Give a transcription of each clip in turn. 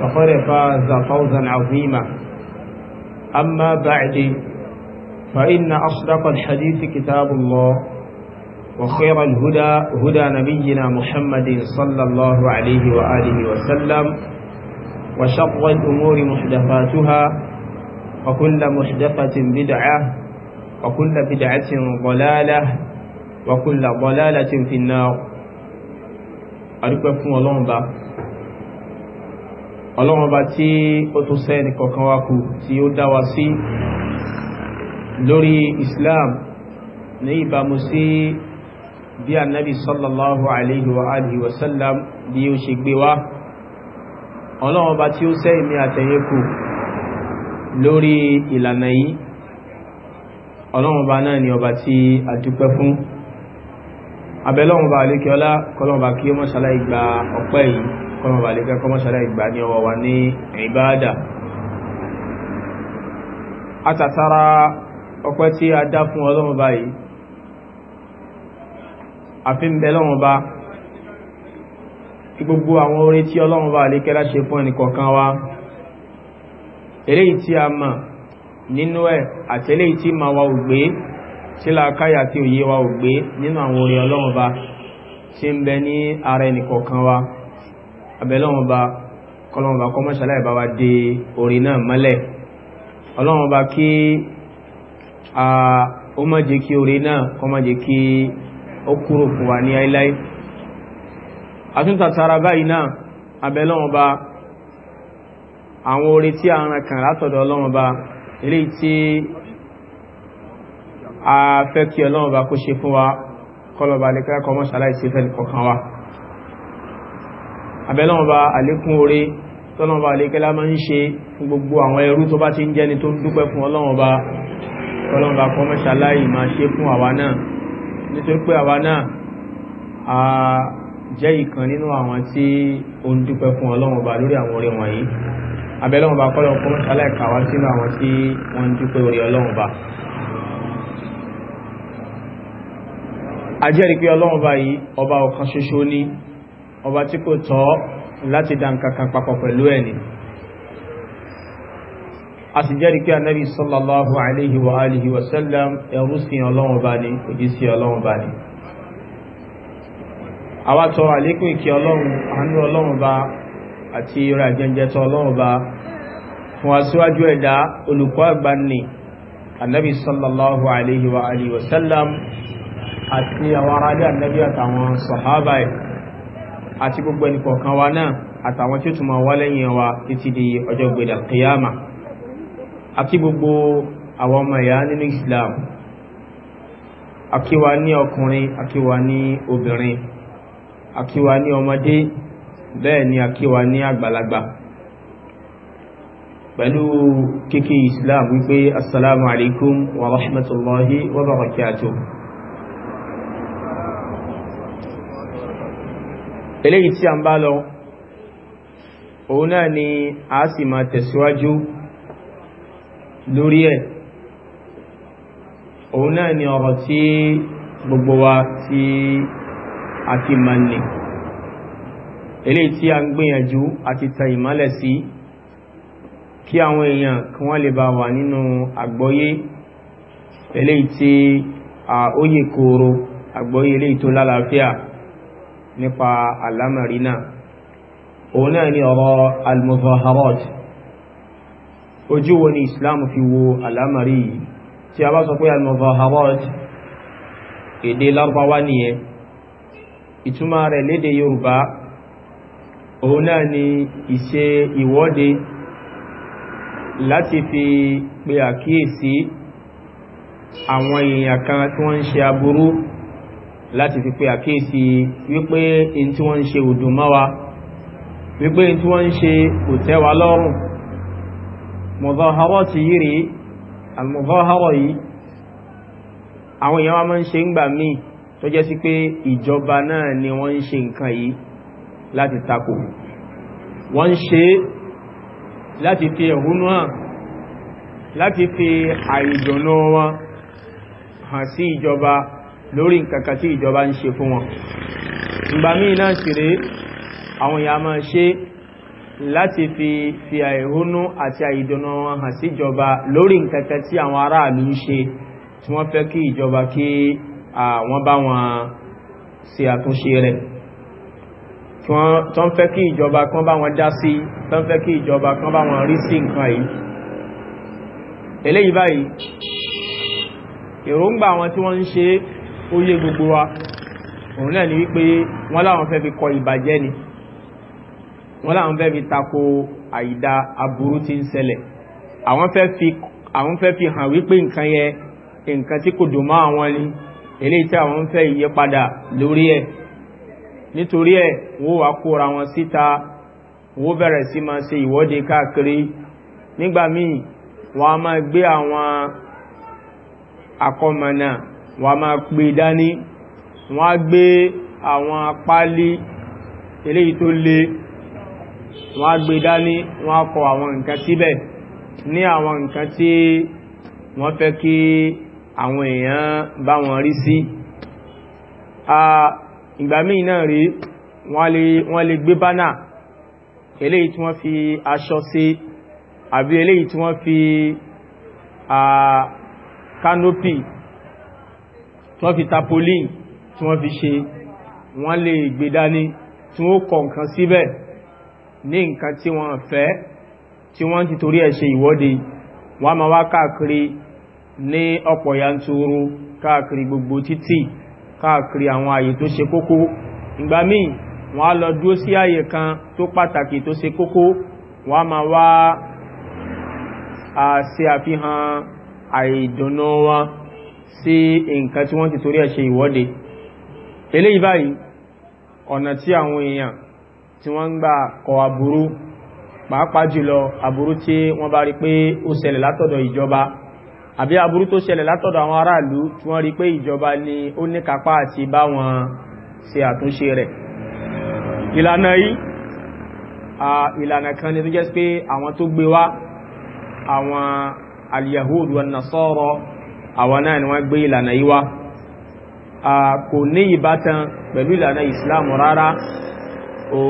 فقد فاز فوزا عظيما أما بعد فإن أصدق الحديث كتاب الله وخير الهدى هدى نبينا محمد صلى الله عليه وآله وسلم وشق الأمور محدثاتها وكل محدثة بدعة وكل بدعة ضلالة وكل ضلالة في النار أرجو الله ọlọ́run ọba tí ó tún sẹ́ni kọ̀kan wá kù tí ó dá sí lórí islam ní ìbámu sí bí annabi sallallahu alaihi wa alihi wasallam bí ó ṣe gbé wá ọlọ́run ọba tí ó sẹ́yìn àtẹ̀yẹ kù lórí ìlànà yìí ọlọ́run náà ni ọba tí a dúpẹ́ fún abẹ́lọ́run ọba àlékẹ́ọlá kọlọ́run ọba kí ó mọ́ṣálá ìgbà ọpẹ́ yìí kọmọ bà lè fẹ́ kọmọ sàlá ìgbà ní ọwọ́ wa ní ìbáadà àtàtàrà ọpẹ́ tí a dá fún Ọlọ́run báyìí àfi ń bẹ lọ́wọ́n bá gbogbo àwọn orí tí Ọlọ́run bá lè kẹ́lá ṣe fún ẹnìkọ̀ọ̀kan wa eléyìí tí a mọ̀ nínú ẹ̀ àti eléyìí tí ma wa ò tí làákàyà tí òye wa ò nínú àwọn orí Ọlọ́run bá ń bẹ ní ara ẹnìkọ̀ọ̀kan wa abẹ́lọ́wọ́n ba kọ́lọ́wọ́n ba kọ́mọ́ṣálá ìbá dé orin náà mọ́lẹ̀ ọlọ́wọ́n ba kí ó má jẹ́ kí orin náà kọ́ má jẹ́ kí ó kúrò fún wa ní àìláì àtúntàtàrà báyìí náà abẹ́lọ́wọ́n ba àwọn orin tí a ràn kàn látọ̀dọ̀ ọlọ́wọ́n ba eléyìí tí a fẹ́ kí ọlọ́wọ́n ba kó ṣe fún wa kọ́lọ̀bà abẹ́lọ́wọ́ba àlékún orí tọ́lọ́wọ́ba àlékẹ́lá máa ń ṣe gbogbo àwọn ẹrú tó bá ti ń jẹ́ni tó ń dúpẹ́ fún ọlọ́wọ́ba ọlọ́wọ́ba kọmọ́ṣàláì máa ṣe fún àwa náà nítorí pé àwa náà a jẹ́ ìkan nínú àwọn tí ó ń dúpẹ́ fún ọlọ́wọ́ba lórí àwọn orí wọ̀nyí abẹ́lọ́wọ́ba kọ́lọ́wọ́ kọmọ́ṣàláì kàwá sínú àwọn tí wọ́n ń dúpẹ́ orí ọlọ́wọ́ba a pé ọlọ́wọ́ba yìí ọba ọ̀kan ṣoṣo ni ọba tí kò tọ́ láti dá nǹkankan papọ̀ pẹ̀lú ẹni a sì jẹ́rìí pé anábi sallallahu alaihi wa alihi wa sallam ẹrú sí ọlọ́wọ̀n bá ní òjí sí ọlọ́wọ̀n bá ní àwátọ́ àlékún ìkẹ́ ọlọ́run àánú ọlọ́run bá àti ìrà jẹjẹtọ ọlọ́run bá fún aṣíwájú ẹ̀dá olùkọ́ àgbà ní anábi sallallahu alaihi wa alihi wa sallam àti àwọn aráàlú anábi àtàwọn sàhábà ẹ̀ àti gbogbo ẹnì kọ̀ọ̀kan wa náà àtàwọn tí ó tún máa wá lẹ́yìn wa títí di ọjọ́ gbèdà kìyàmà àti gbogbo àwọn ọmọ ìyá nínú Islam àkíwa ní ọkùnrin àkíwa ní obìnrin àkíwa ní ọmọdé bẹ́ẹ̀ ni àkíwa ní àgbàlagbà pẹ̀lú kíkí Islam wípé assalamu alaikum wa rahmatullahi wa barakatuh eléyìí tí a ń bá lọ òun náà ni a sì máa tẹ̀síwájú lórí ẹ̀ òun náà ni ọ̀rọ̀ tí gbogbo wa tí a ti ma nì eléyìí tí a ń gbìyànjú àti ta ìmọ́lẹ̀ sí kí àwọn èèyàn kí wọ́n lè bá wà nínú àgbọ́yé eléyìí tí a ó yè kòòrò àgbọ́yé eléyìí tó lálàáfíà la nípa àlámàrí náà òun náà ni ọ̀rọ̀ al-muzaharat ojú wo ni islam fi wo àlámàrí yìí tí a bá sọ pé al-muzaharat èdè lárúbáwá nìyẹn ìtumá rẹ̀ lédè yorùbá òun náà ni ìṣe ìwọ́de láti fi pe àkíyèsí àwọn èèyàn kan tí wọ́n ń ṣe aburú láti fi pé àkíyèsí wípé in tí wọ́n ń ṣe òdùn mọ́ wa wípé in tí wọ́n ń ṣe kò tẹ́ wa lọ́rùn mọ̀zọ́hárọ̀ ti yìí rí almọ̀zọ́hárọ̀ yìí àwọn èèyàn wa máa ń ṣe ń gbà míì tó jẹ́ sí pé ìjọba náà ni wọ́n ń ṣe nǹkan yìí láti takò wọ́n ń ṣe láti fi ẹ̀húnú hàn láti fi àìdùnnú wọn hàn sí ìjọba lórí nkàkà tí ìjọba ń ṣe fún wọn ìgbà míì náà sì rèé àwọn èèyàn máa ṣe láti fi fi àìhónú àti àìdùnnú wọn hàn síjọba lórí nkàkà tí àwọn aráàlú ń ṣe tí wọ́n fẹ́ kí ìjọba kí àwọn bá wọn ṣe àtúnṣe rẹ̀ tó ń fẹ́ kí ìjọba kan bá wọn dá sí tó ń fẹ́ kí ìjọba kan bá wọn rí sí nǹkan yìí eléyìí báyìí èròǹgbà àwọn tí wọ́n ń ṣe ó yé gbogbo wa òun náà ni wípé wọ́n láwọn fẹ́ fi kọ ìbàjẹ́ ni wọ́n láwọn fẹ́ fi tako àìda aburú tí ń ṣẹlẹ̀ àwọn fẹ́ fi àwọn fẹ́ fi hàn wípé nǹkan yẹ nǹkan tí kò dùn mọ́ àwọn ni eléyìí tí àwọn fẹ́ ìyípadà lórí ẹ̀ nítorí ẹ̀ wọ́n wá kóra wọn síta wọ́n bẹ̀rẹ̀ sí máa ṣe ìwọ́de káàkiri nígbà míì wọ́n á máa gbé àwọn akọ́mọ̀nà wọ́n a máa pè dání wọ́n a gbé àwọn apálí eléyìí tó le wọ́n a gbé dání wọ́n a kọ àwọn nǹkan síbẹ̀ ní àwọn nǹkan tí wọ́n fẹ́ kí àwọn èèyàn bá wọn rí sí ìgbà náà rí wọ́n lè gbé bánà eléyìí tí wọ́n fi aṣọ sí àbí eléyìí tí wọ́n fi kanopi tí wọ́n fi tapolin tí wọ́n fi ṣe wọ́n lè gbé dání tí wọ́n kọ nǹkan síbẹ̀ ní nǹkan tí wọ́n fẹ́ tí wọ́n ti torí ẹ̀ ṣe ìwọ́de wọ́n ma wá káàkiri ní ọ̀pọ̀ yanturu káàkiri gbogbo títì káàkiri àwọn àyè tó ṣe kókó ìgbà míì wọ́n lọ dúró sí àyè kan tó pàtàkì tó ṣe kókó wọ́n ma wá àṣẹ àfihàn àìdùnnú wọn sí nǹkan tí wọ́n ti torí ẹ̀ ṣe ìwọ́de eléyìí báyìí ọ̀nà tí àwọn èèyàn tí wọ́n ń gbà kọ aburú pàápàá jùlọ aburú tí wọ́n bá rí pé ó ṣẹlẹ̀ látọ̀dọ̀ ìjọba àbí aburú tó ṣẹlẹ̀ látọ̀dọ̀ àwọn aráàlú tí wọ́n rí pé ìjọba ni ó ní kápá àti bá wọn ṣe àtúnṣe rẹ̀ ìlànà yìí ìlànà kan ni tó jẹ́ pé àwọn tó gbé wá àwọn al-Yahud wan àwọn náà ni wọ́n gbé ìlànà yìí wá kò ní ìbátan pẹ̀lú ìlànà ìsìláàmù rárá o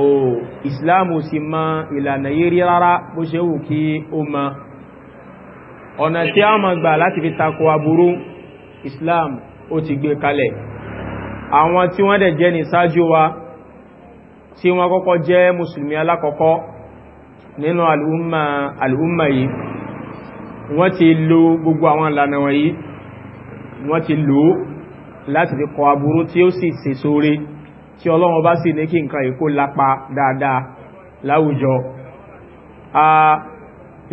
ìsìláàmù sì mọ ìlànà yìí rí rárá bó ṣe wù kí ó mọ ọ̀nà tí a mọ̀ gbà láti fi tako aburú islam ó ti gbé kalẹ̀ àwọn tí wọ́n dẹ̀ jẹ́ ní ṣáájú wa tí wọ́n kọ́kọ́ jẹ́ mùsùlùmí alákọ̀ọ́kọ́ nínú al'umma yìí wọ́n ti lo gbogbo àwọn ìlànà wọ̀nyí wọ́n ti lò ó láti fi kọ aburú tí ó sì ṣe sóre tí ọlọ́run bá sì ní kí nǹkan yìí lápa dáadáa láwùjọ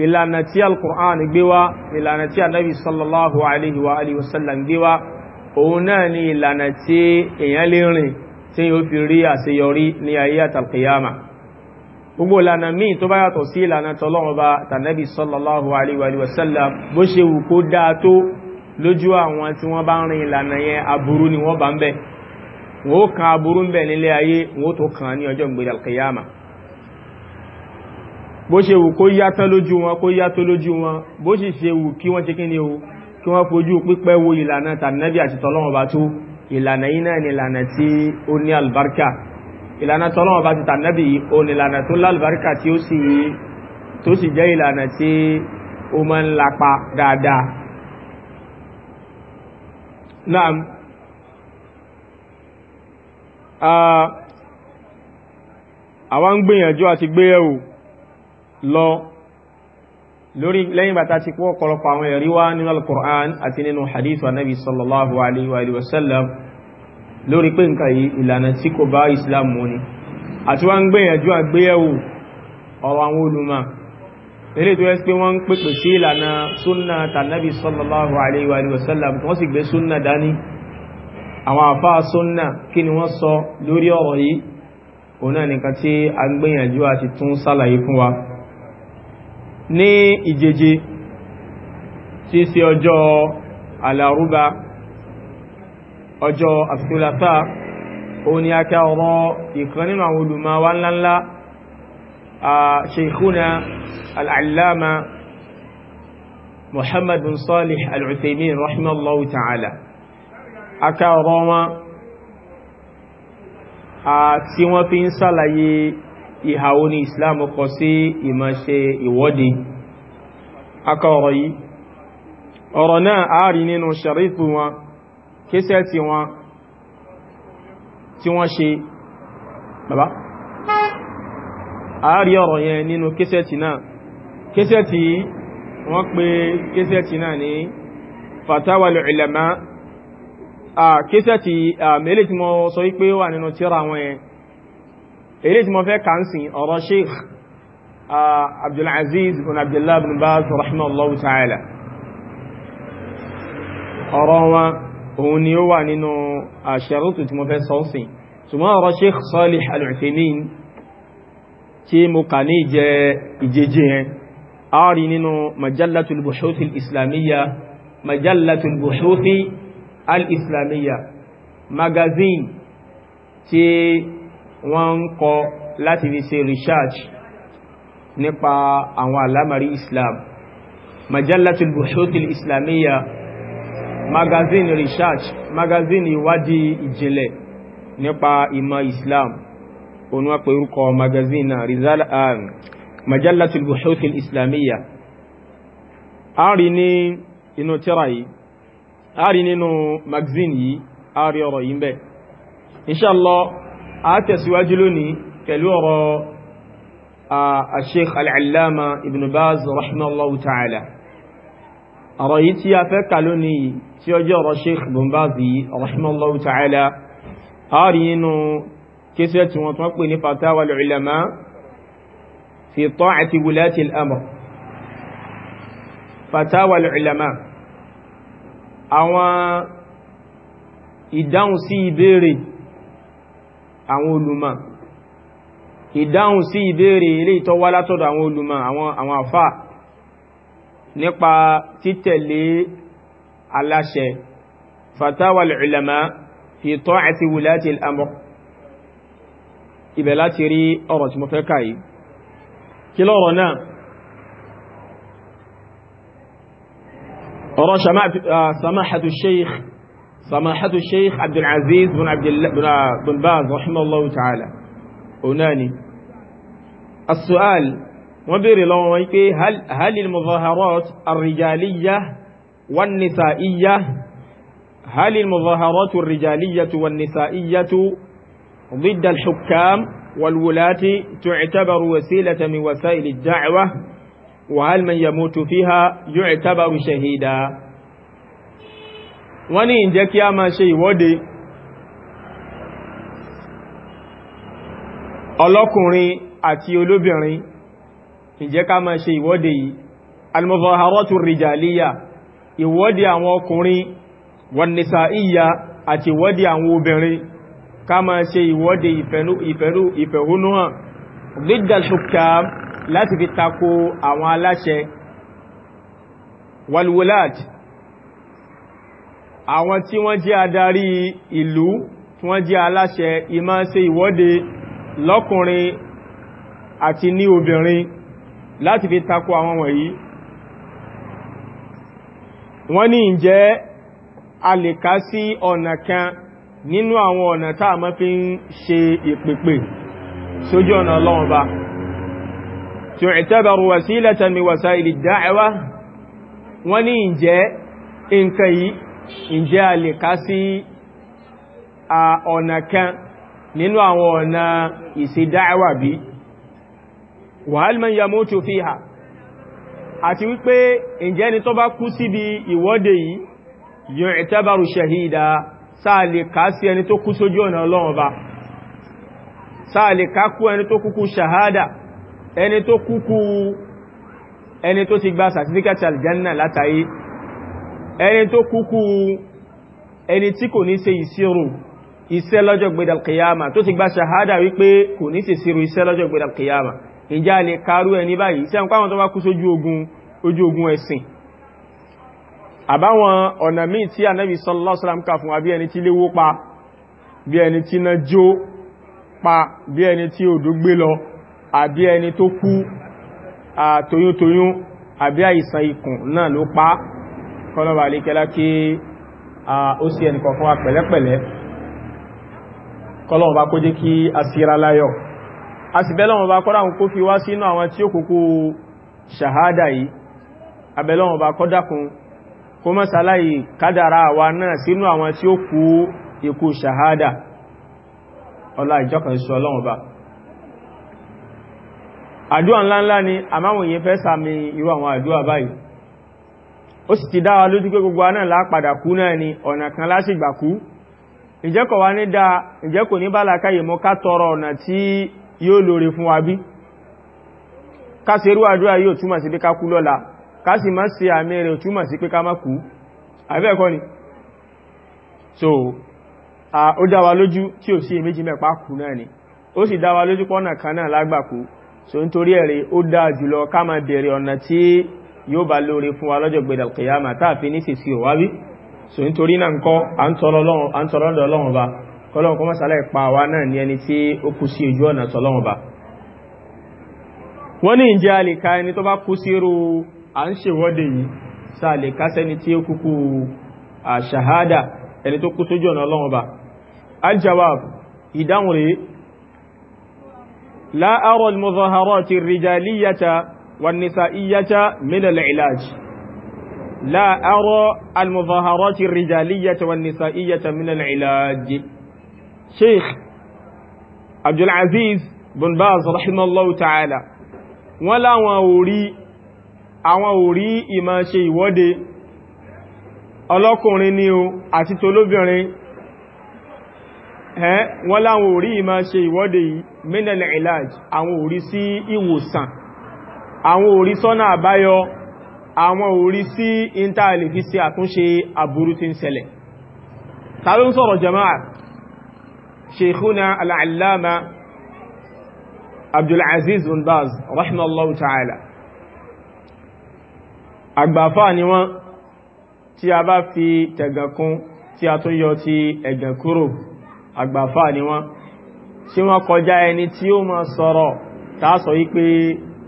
ìlànà tí al-Qur'an gbé wá ìlànà tí anábì sallallahu alaihi wa alihi wasallam gbé wá òun náà ni ìlànà tí èèyàn lè rìn tí yóò fi rí àṣeyọrí ní ayé àtàlkìyàmà gbogbo ìlànà míì tó bá yàtọ̀ sí ìlànà tọ́lọ́run bá tànábì sallallahu alaihi wa alihi wasallam bó ṣe wù kó dáa tó lójú àwọn tí wọ́n bá ń rin ìlànà yẹn aburú ni wọ́n bá ń bẹ̀ wọ́n ó kan aburú ń bẹ̀ nílé ayé wọ́n ó tó kan ní ọjọ́ ìgbèrè alkiyama bó ṣe wù kó yàtọ̀ lójú wọn kó yàtọ̀ lójú wọn bó sì ṣe wù kí wọ́n ṣe kí ni o kí wọ́n fojú pípẹ́ wo ìlànà tànàbí àti tọ́lọ́wọ́n bá tó ìlànà yìí náà ni ìlànà tí ó ní albarka ìlànà tọ́lọ́wọ́n bá ti tànàbí yìí ó ní ìlànà tó lálbarka tí ó sì jẹ́ ìlànà tí ó máa ń lapa dáadáa naam àwa ń gbìyànjú àti gbé ẹ̀wò lọ lórí lẹ́yìn bàtà ti kó ọ̀pọ̀lọpọ̀ àwọn ẹ̀rí wá nínú al-Qur'an àti nínú hadith wa nabi sallallahu alaihi wa sallam lórí pé nǹkan yìí ìlànà tí kò bá islam mú ni àti wá ń gbìyànjú àgbéyẹ̀wò ọ̀rọ̀ àwọn eléyìí tó yẹ pé wọ́n ń pèpè sí ìlànà súnà tànàbí sallallahu alayhi wa sallam wọ́n sì gbé súnà dání àwọn àfá súnà kí ni wọ́n sọ lórí ọ̀rọ̀ yìí òun náà nìkan tí a ń gbìyànjú àti tún sálàyé fún wa ní ìjeje tí ọjọ́ alárúbá ọjọ́ àfúlàfà òun ni a ọ̀rọ̀ ìkan nínú àwọn olùmọ̀ wa ńláńlá شيخنا العلامة محمد بن صالح العثيمين رحمه الله تعالى أكا روما tí wọ́n fi ń sàlàyé ìhàwó ní Islam kọ sí ìmọ̀ṣe ìwọ́de aka ọ̀rọ̀ yìí ọ̀rọ̀ náà ààrí nínú ṣarífù wọn kéṣẹ́ tí wọ́n ṣe bàbá àárí ọ̀rọ̀ yẹn nínú késẹ̀tì náà késẹ̀tì wọ́n pè késẹ̀tì náà ní fatawa al-ulama késẹ̀tì mẹ́lẹ̀ tí mo sọ wípé wà nínú tíra wọn yẹn èyí tí mo fẹ́ kàánsìn ọ̀rọ̀ sheikh abdulaziz bin abdullah bin baz rahimahullahu ta'ala ọ̀rọ̀ wọn òun ni ó wà tí mo kà ní ìjẹ ìjẹjẹ yẹn a rí nínú majallatul buhuthi al-islamiyya majallatul buhuthi al-islamiyya magazine tí wọ́n ń kọ láti fi ṣe research nípa àwọn alámàrí islam majallatul buhuthi islamiyya magazine research magazine ìwádìí ìjìnlẹ̀ nípa ìmọ̀ islam òun wá pé orúkọ magazine náà rizal um, majalatul buhuthil islamiyya a rí ní inú tíra yìí a rí nínú magazine yìí a rí ọ̀rọ̀ yìí bẹ́ẹ̀ inshallah a tẹ̀síwájú lónìí pẹ̀lú ọ̀rọ̀ a sheikh al'allama ibn baz rahimahullahu ta'ala ọ̀rọ̀ yìí tí a fẹ́ kà lónìí tí ó ọ̀rọ̀ sheikh ibn baz ta'ala a rí nínú kíṣẹ́ tí wọ́n tún pè ní fatawa al-ulama fi ta'ati wulati al-amr fatawa al-ulama àwọn ìdáhùn sí ìbéèrè àwọn olùmọ̀ ìdáhùn sí ìbéèrè ilé ìtọ́wà látọ̀dọ̀ àwọn olùmọ̀ àwọn àfà nípa títẹ̀lé aláṣẹ fatawa al-ulama fi ta'ati wulati al-amr ibẹ̀ láti rí ọ̀rọ̀ tí mo fẹ́ kà yìí kí lọ́rọ̀ náà ọ̀rọ̀ ah, samahatu sheikh samahatu sheikh abdulaziz ah, bin baz rahimahullahu ta'ala onani as-su'al wọ́n bèèrè lọ́wọ́ wọ́n pé halil muzaharat arrijaliyya wan nisa'iyya halil muzaharat arrijaliyya wan nisa'iyya ضد الحكام والولاة تعتبر وسيلة من وسائل الدعوة وهل من يموت فيها يعتبر شهيدا wọ́n ní ìjẹ́ kí a máa ṣe ìwọ́de ọlọ́kùnrin àti olóbìnrin ìjẹ́ ká máa ṣe ìwọ́de yìí almuzaharatu rijaliya ìwọ́de àwọn ọkùnrin wan nisaiya àti ìwọ́de àwọn obìnrin ká máa ṣe ìwọ́de ìfẹ̀hónúhàn ridal hukam láti fi tako àwọn aláṣẹ walwulad àwọn tí wọ́n jẹ́ adarí ìlú tí wọ́n jẹ́ aláṣẹ ìmá ṣe ìwọ́de lọ́kùnrin àti ní obìnrin láti fi tako àwọn wọ̀nyí wọ́n ní ǹjẹ́ a lè ká sí ọ̀nà kan nínú àwọn ọ̀nà tá a máa fi ń ṣe ìpèpè sójú ọ̀nà ọlọ́run ba tu'tabaru wasilatan min wasaili da'wa wọ́n ní ìjẹ́ nǹkan yìí ìjẹ́ a lè ká sí ọ̀nà kan nínú àwọn ọ̀nà ìṣe da'wa bí wa hal man yamutu fiha àti wípé ìjẹ́ ni tó bá kú síbi ìwọ́de yìí yu'tabaru shahida sáà lè ká sí ẹni tó kú sójú ọ̀nà ọlọ́run ọba sáà lè ká kú ẹni tó kúkú ṣàhádà ẹni tó kúkú ẹni tó ti gba certificate aljanna látàyé ẹni tó kúkú ẹni tí kò ní ṣe ìṣirò iṣẹ́ lọ́jọ́ gbẹ̀dà kìyàmà tó ti gba ṣàhádà wípé kò ní ṣe ìṣirò iṣẹ́ lọ́jọ́ gbẹ̀dà ìjà lè kárú ẹni báyìí sẹ́wọ́n pàwọn tó bá kú sójú ogun ẹ̀sìn àbáwọn ọ̀nà míì tí ànábì sallallahu alaihi wasallam kà fún wa bí ẹni tí léwó pa bí ẹni tí iná jó pa bí ẹni tí odò gbé lọ àbí ẹni tó kú àtoyúntoyún àbí àìsàn ikùn náà ló pa kọlọ́bà alékẹ́lá kí ó sí ẹnì kọ̀ọ̀kan wa pẹ̀lẹ́pẹ̀lẹ́ kọlọ́wọ́ bá kó jẹ́ kí a síra láyọ̀ a sì bẹ́lọ́wọ́ bá kọ́dá kó fi wá sínú kọ́dákun kó mọ́ sàláyì kádàrá wa náà sínú àwọn tí ó kú ikú ṣàhádà ọlá ìjọkàn sí ọlọ́run bá àdúwà ńláńlá ni àmáwọn èyí fẹ́ sàmì irú àwọn àdúwà báyìí ó sì ti dáwà lójú pé gbogbo náà lápadà kú náà ni ọ̀nà kan lásìgbà kú ìjẹ́kọ̀ wa ní dáa ìjẹ́kọ̀ ní bálàkáyè mọ́ ká ka si se àmì rẹ̀ túmọ̀ sí pé ká má kú àbẹ́ẹ̀kọ́ ni so ó dá wa lójú tí ò sí èméjì mẹ́pá kú náà ni ó sì dá wa lójú pọ́nà kan lágbàkú so nítorí ẹ̀rẹ̀ ó dá jùlọ ká máa bẹ̀rẹ̀ ọ̀nà tí yóò bá lóore fún wa lọ́jọ́ ba wa si wọ́n ní ìjẹ́ ẹni tó bá à ń ṣèwọ́de yìí sáà lè kásẹ́ni tí ó kúkú àṣàhádà ẹni tó kú sójú ọ̀nà ọlọ́run ọba aljawab ìdáhùn rèé لا أرى المظاهرات الرجالية والنسائية من العلاج لا أرى المظاهرات الرجالية والنسائية من العلاج شيخ عبد العزيز بن باز رحمه الله تعالى ولا ووري àwọn ò rí ìmá ṣe ìwọ́de ọlọ́kùnrin ni o àti tolóbìnrin ẹ́ wọ́n láwọn ò rí ìmá ṣe ìwọ́de yìí mínẹ̀lẹ̀ ìlàj àwọn ò rí sí ìwòsàn àwọn ò rí sọ́nà àbáyọ àwọn ò rí sí ìntàlè fi ṣe àtúnṣe àbúrú tí ń ṣẹlẹ̀ ta ló ń sọ̀rọ̀ ta'ala àgbàfà ni wọ́n tí a bá fi tẹ̀gànkún tí a tún yọ ti ẹ̀gàn kúrò àgbàfà ni wọ́n tí wọ́n kọjá ẹni tí ó máa sọ̀rọ̀ tàá sọ yí pé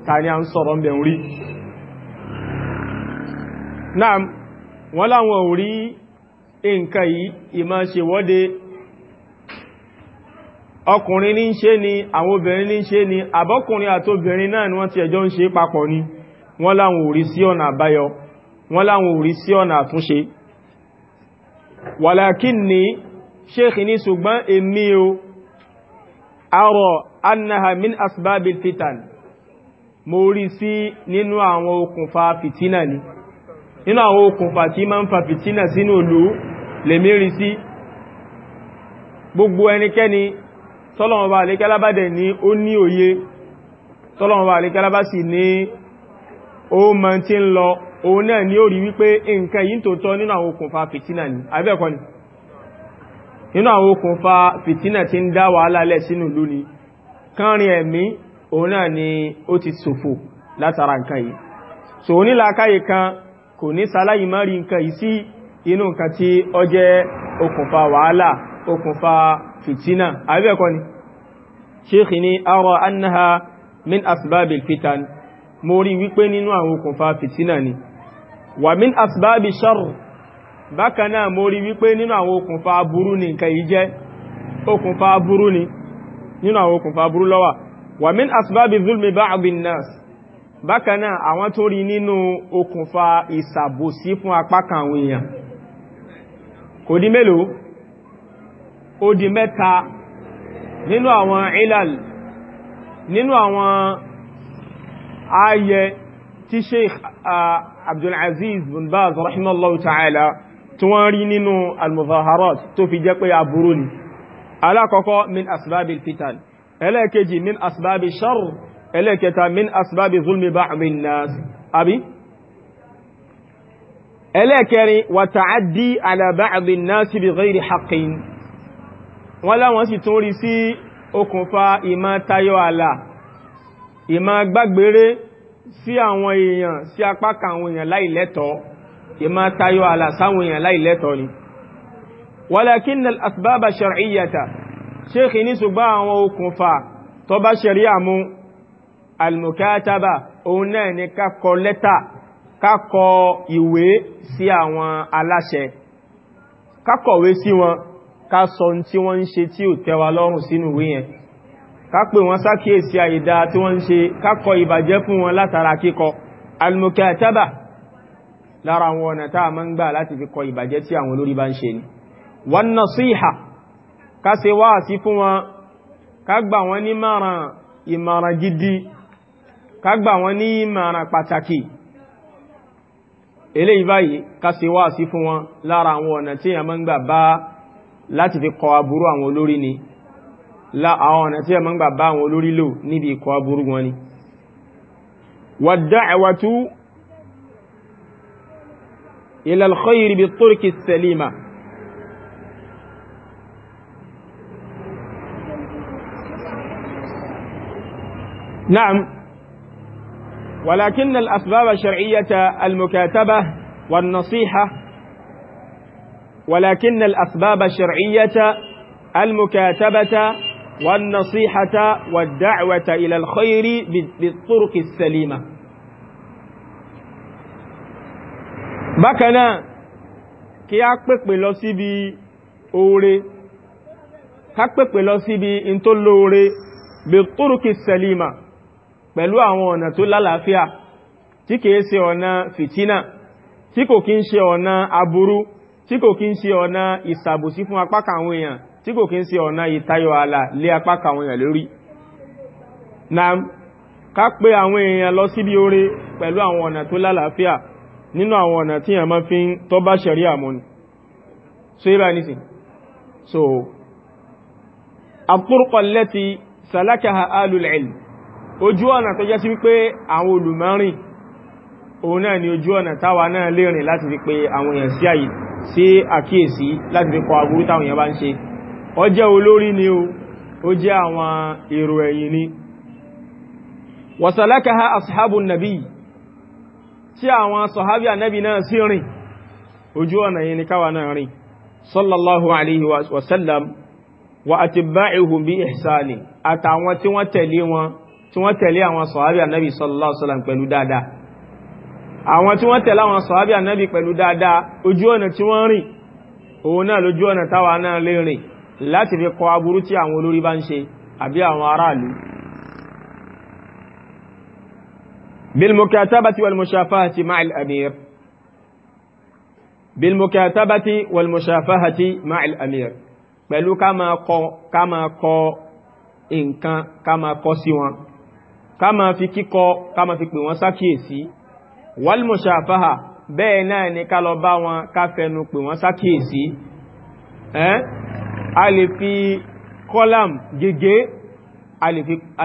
ta ni a ń sọ̀rọ̀ ń bẹ̀ ń rí náà wọ́n láwọn ò rí nǹkan yìí ìmá ṣe wọ́de ọkùnrin ní ṣe ni àwọn obìnrin ní ṣe ni àbọ́kùnrin àtobìnrin náà ni wọ́n ti ẹjọ́ ń ṣe papọ̀ ni wọ́n láwọn ò rí sí ọ̀nà àbáyọ wọ́n láwọn ò rí sí ọ̀nà àtúnṣe wàlákín ní ṣéèkì ní ṣùgbọ́n èmi o arọ annaha min asbabil fitan mo rí sí nínú àwọn okùnfà fìtínà ni nínú àwọn okùnfà tí ma ń fa fìtínà sínú ìlú lèmi rí sí gbogbo ẹnikẹ́ni tọ́lọ̀wọ̀n bá àlékẹ́lábádẹ̀ ní ó ní òye tọ́lọ̀wọ̀n bá sì ní ó mọ̀ tí ń lọ òun náà ni ó rí wípé nǹkan yìí tó tọ́ nínú àwọn okùnfà fìtínà ni àbẹ́ẹ̀kọ́ ni nínú àwọn okùnfà fìtínà tí ń dá wàhálà lẹ̀ sínú ìlú ni kánrin ẹ̀mí òun náà ni ó ti ṣòfò látara nǹkan yìí so onílàákàyè kan kò ní sáláyì má rí nǹkan yìí sí inú nǹkan tí ó jẹ́ okùnfà wàhálà okùnfà fìtínà àbẹ́ẹ̀kọ́ ni sheikh ni ara annaha min asbabil fitan mo rí wípé nínú àwọn okùnfà fìtínà ni wà min asbábi ṣọ́rù bákan náà mo rí wípé nínú àwọn okùnfà aburú ni nǹkan yìí jẹ́ okùnfà aburú ni nínú àwọn okùnfà aburú lọ́wà wà min asbábi zulmi ba'din nas bákan náà àwọn tó rí nínú okùnfà ìsàbòsí fún apá kan nínú àwọn ayẹ tí sheikh abdulaziz bin baz rahimallahu ta'ala tí wọ́n rí nínú al-muzaharat tó fi jẹ́ pé aburú ni alákọ̀ọ́kọ́ min asbabil fitan ẹlẹ́ẹ̀kejì min asbabil shar ẹlẹ́ẹ̀kẹta min asbabil zulmi ba'dhin nas abi ẹlẹ́ẹ̀kẹrin wa ta'addi ala ba'dhin nas bi ghairi haqqin wọ́n láwọn sì tún rí sí okùnfà ìmá tayọ àlà ìmá gbágbéré sí àwọn èèyàn sí apá kan àwọn èèyàn láìlẹ́tọ̀ọ́ ìmá tayọ àlà sáwọn èèyàn láìlẹ́tọ̀ọ́ ni walakin al-asbaba shar'iyyata sheikh ní ṣùgbọ́n àwọn okùnfà tó bá ṣẹ̀ríà mú al-mukataba òun náà ni ká kọ lẹ́tà ká ìwé sí àwọn aláṣẹ ká sí wọn ká sọ tí wọ́n ń ṣe tí ò tẹ́wa lọ́rùn sínú ìwé kápè wọn sákíyèsí àìdá tí wọ́n ń ṣe kákọ ìbàjẹ́ fún wọn látara kíkọ almukataba lára àwọn ọ̀nà tá a máa ń gbà láti fi kọ ìbàjẹ́ tí àwọn olórí bá ń ṣe ni wan nasiha ká ṣe wáàsí fún wọn ká gbà ní ìmọ̀ràn ìmọ̀ràn gidi ká gbà wọ́n ní ìmọ̀ràn pàtàkì eléyìí báyìí ká ṣe wáàsí fún wọn lára àwọn ọ̀nà tí a máa ń gbà bá láti fi kọ aburú àwọn olórí ni la àwọn ọ̀nà tí a máa ń gbà bá àwọn olórí lò níbi ikọ̀ aburú wọn ni wad-da'watu ila al-khayri bit-turqi as-salima نعم ولكن الأسباب الشرعية المكاتبة والنصيحة ولكن الأسباب الشرعية المكاتبة والنصيحة والدعوة إلى الخير بالطرق السليمة بكنا كي a pèpè lọ síbi oore انتول pèpè بالطرق السليمة. in tó lóore bí turuki salima pẹ̀lú àwọn ọ̀nà tó lálàáfíà tí kìí ṣe ọ̀nà fìtínà tí kò kí ń ṣe ọ̀nà aburú tí kò kí ń ṣe ọ̀nà ìsàbòsí fún apákà àwọn èèyàn tí kò kí ń ṣe ọ̀nà ìtayọ̀ ààlà lé apá kàwọn èèyàn lórí na ká pé àwọn èèyàn lọ síbi oore pẹ̀lú àwọn ọ̀nà tó lálàáfíà nínú àwọn ọ̀nà tí èèyàn máa fi ń tọ́ ṣẹ̀rí àmọ́ni so yíba nísìn so àpúrúkọ lẹ́ti sàlákàá alùlẹ̀lì ojú ọ̀nà tó jẹ́ sí wípé àwọn olùmọ́rin òun náà ni ojú ọ̀nà táwa náà lè rìn láti fi pe àwọn èèyàn sí àyè sí àkíyèsí láti fi kọ agbúrú táwọn èèyàn bá ń ṣe ó jẹ́ olórí ni o ó jẹ́ àwọn èrò ẹ̀yìn ni wasalakaha ashabu nabi tí àwọn sọ̀hábí ànábì náà sí rìn ojú ọ̀nà yìí ni káwa náà rìn sallallahu alaihi wasallam wa atiba'ihum bi ihsani àtàwọn tí wọ́n tẹ̀lé wọn tí wọ́n tẹ̀lé àwọn sọ̀hábí ànábì sallallahu alaihi pẹ̀lú dáadáa àwọn tí wọ́n tẹ̀lé àwọn sọ̀hábí ànábì pẹ̀lú dáadáa ojú ọ̀nà tí wọ́n rìn òun náà lójú ọ̀nà táwa náà lè rìn láti fi kọ aburú tí àwọn olórí bá ń ṣe àbí àwọn aráàlú bilmukatabati walmushafahati ma'al amir bilmukatabati walmushafahati ma'al amir pẹ̀lú ká máa kọ ká máa kọ nǹkan ká máa kọ sí wọn ká máa fi kíkọ ká máa fi pè wọ́n sákìyèsí walmushafaha bẹ́ẹ̀ náà ni ká lọ bá wọn ká fẹnu pè wọ́n sákìyèsí a lè fi kọ́làm gègé a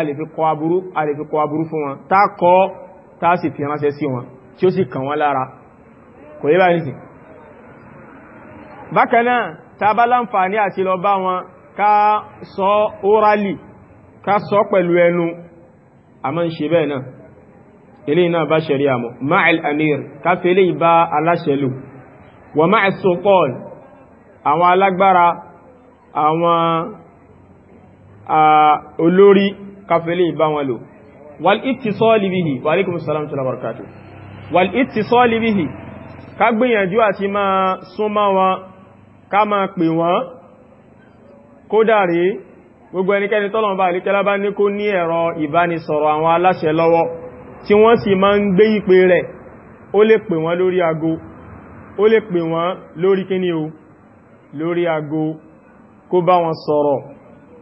lè fi kọ aburú a lè fi kọ aburú fún wọn tá kọ́ tá sì fi ránṣẹ́ sí wọn tí ó sì kàn wọ́n lára kò yí báyìí sí bákan náà tá bá láǹfààní àti lọ bá wọn ká sọ órálì ká sọ pẹ̀lú ẹnu a máa ń ṣe bẹ́ẹ̀ náà ilé náà bá ṣẹ̀rí àmọ́ ma'al amir ká fi ilé ìbá aláṣẹ́lù wà ma'al sultan àwọn alágbára àwọn olórí kafẹ́lẹ̀ ìbáwọn lò wal-ittisal bihi wa alaikum salam tó labarkatu wal-ittisal bihi ká gbìyànjú àti máa súnmọ́ wọn ká máa pè wọ́n kódà rí gbogbo ẹnikẹ́ni tọ́lọ̀n bá àríkẹ́lá bá ní kó ní ẹ̀rọ ìbánisọ̀rọ̀ àwọn aláṣẹ lọ́wọ́ tí wọ́n sì máa ń gbé ìpè rẹ̀ ó lè pè wọ́n lórí ago ó lè pè wọ́n lórí kíní o lórí ago kó bá wọn sọ̀rọ̀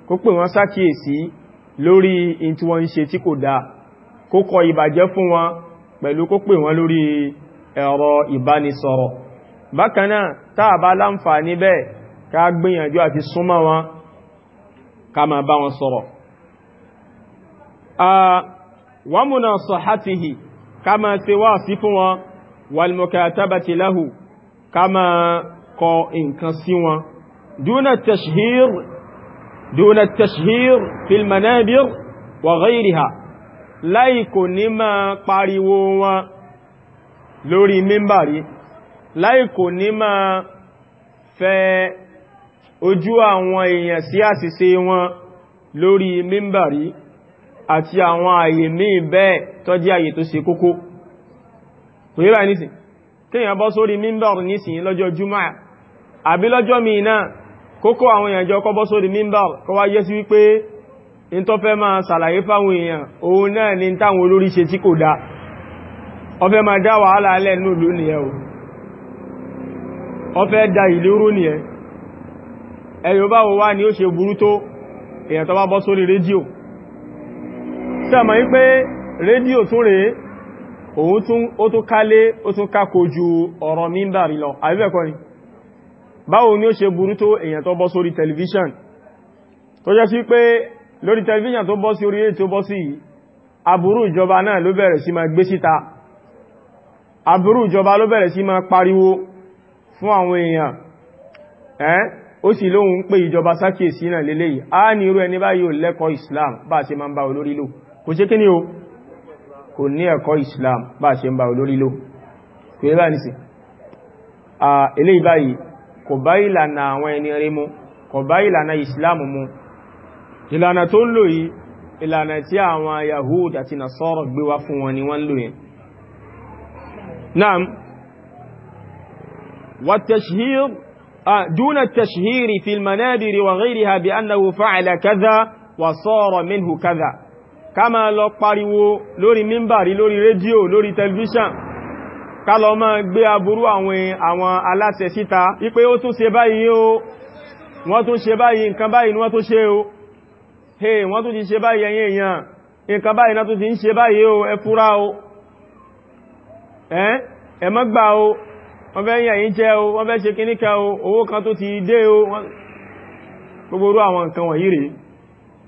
kó pè wọ́n sákìyèsí lórí in tí wọ́n ń ṣe tí kò dáa kó kọ ìbàjẹ́ fún wọn pẹ̀lú kó pè wọ́n lórí ẹ̀rọ ìbánisọ̀rọ̀ bákanáà táà bá láǹfààní bẹ́ẹ̀ ká gbìyànjú àti súnmọ́ wọn ká máa bá wọn sọ̀rọ̀ wa kọ nǹkan sí wọn دون التشهير دون التشهير في المنابر وغيرها لا يكون ما máa pariwo wọn لا يكون ما kò ní máa fẹ ojú àwọn èèyàn sí àṣìṣe wọn lórí mímbàrí àti àwọn àyè míì bẹ́ẹ̀ tó jẹ́ àyè tó ṣe kókó òyíra nísìn kíyàn bọ́ sórí mímbàrí nísìn lọ́jọ́ jùmọ́ àbí lọ́jọ́ mìí náà kókó àwọn èèyàn jọ kọ́bọ́ sórí mímbàr kọ́ wá yẹ́ sí wípé in tó fẹ́ máa sàlàyé fáwọn èèyàn òun náà ni táwọn olórí ṣe tí kò dá ọfẹ́ máa dá wàhálà alẹ́ nù lú o ọfẹ́ da ìlú ó ṣe rédíò kálé báwo ni ó ṣe burú tó èyàn tó bọ́ sórí tẹlifíṣàn tó jẹ́ sí pé lórí tẹlifíṣàn tó bọ́ sí orí èyí tó bọ́ sí aburú ìjọba náà ló bẹ̀rẹ̀ sí máa gbé síta aburú ìjọba ló bẹ̀rẹ̀ sí máa pariwo fún àwọn èèyàn ẹ́n Islam bá ṣe máa ń bá olórí lò kò ṣe kí Islam bá ṣe ń bá olórí lò kò yẹ báyìí sí eléyìí báyìí kò bá ìlànà àwọn ẹni rí mu kò bá ìlànà ìsìláàmù mu ìlànà tó ń lò yìí ìlànà tí àwọn Yahud àti Nasara gbé wá fún wọn ni wọ́n lò yẹn naam والتشهير دون التشهير في المنابر وغيرها بأنه فعل كذا وصار منه كذا ká máa lọ pariwo lórí mímbàrí lórí rédíò lórí tẹlifíṣàn kálọ máa gbé aburú àwọn àwọn aláṣẹ síta wípé ó tún ṣe báyìí o wọ́n tún ṣe báyìí nǹkan báyìí ni wọ́n tún ṣe o he wọ́n tún ti ṣe báyìí ẹ̀yin èèyàn nǹkan báyìí náà tún ti ń ṣe báyìí o ẹ fura o ẹ má gbà o wọ́n fẹ́ yẹ̀ yín jẹ́ o wọ́n fẹ́ ṣe kíníkà o owó kan tó ti dé o gbogbo àwọn nǹkan wọ̀nyí rèé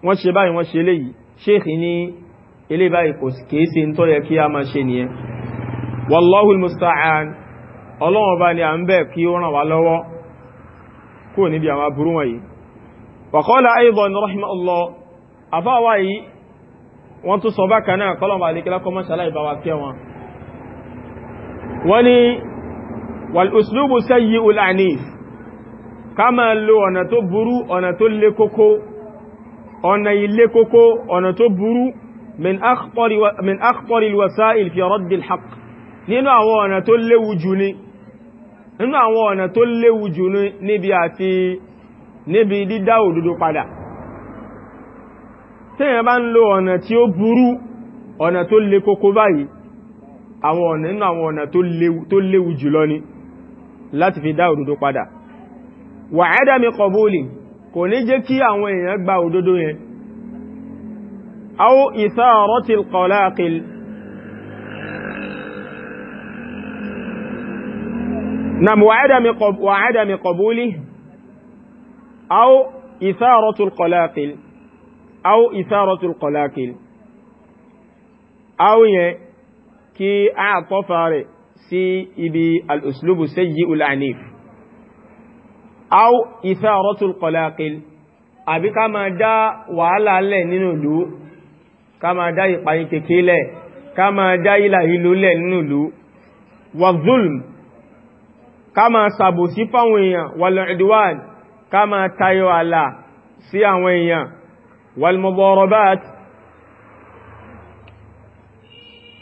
wọ́n ṣe báyìí wọ́n ṣe eléyìí ṣéèkì ní eléyìí báyìí kò kìí ṣe ń tọ́ yẹ kí a máa ṣe nìyẹn wallahul musta'an ọlọ́wọ́n bá ní à ń bẹ̀ kí ó ràn wá lọ́wọ́ kó níbi àwọn aburú wọ̀nyí wàkọ́lá aidan rahimahullah afáwà yìí wọ́n tún sọ bákan náà kọ́lọ̀mà alékẹ́lá kọmọ́ ṣàlàyé bá wa kẹ́ wọn wọ́n ni wàlùsùlùbù sẹ́yí ul'anif ká máa lo ọ̀nà tó burú nínú àwọn ọ̀nà tó léwu jù ní nínú àwọn ọ̀nà tó léwu jù ní níbi àti níbi dídá òdodo padà tẹ́yàn bá ń lo ọ̀nà tí ó burú ọ̀nà tó le kókó báyìí àwọn ọ̀nà nínú àwọn ọ̀nà tó léwu jùlọ ni láti fi dá òdodo padà wà ẹ́dàmí kọbólì kò ní jẹ́ kí àwọn èèyàn gba òdodo yẹn aw ìsáàrọ́tìl kọláàkìl نعم وعدم, قب... وعدم قبوله أو إثارة القلاقل أو إثارة القلاقل أو كي أعطفر سي إبي الأسلوب السيء العنيف أو إثارة القلاقل àbí ká máa dá wàhálà lẹ̀ nínú ìlú ká máa dá ìpàyín kékeré lẹ̀ ká máa ká máa sàbòsí fáwọn èèyàn wal-udwan ká máa tayọ àlà sí àwọn èèyàn wal-mudarabat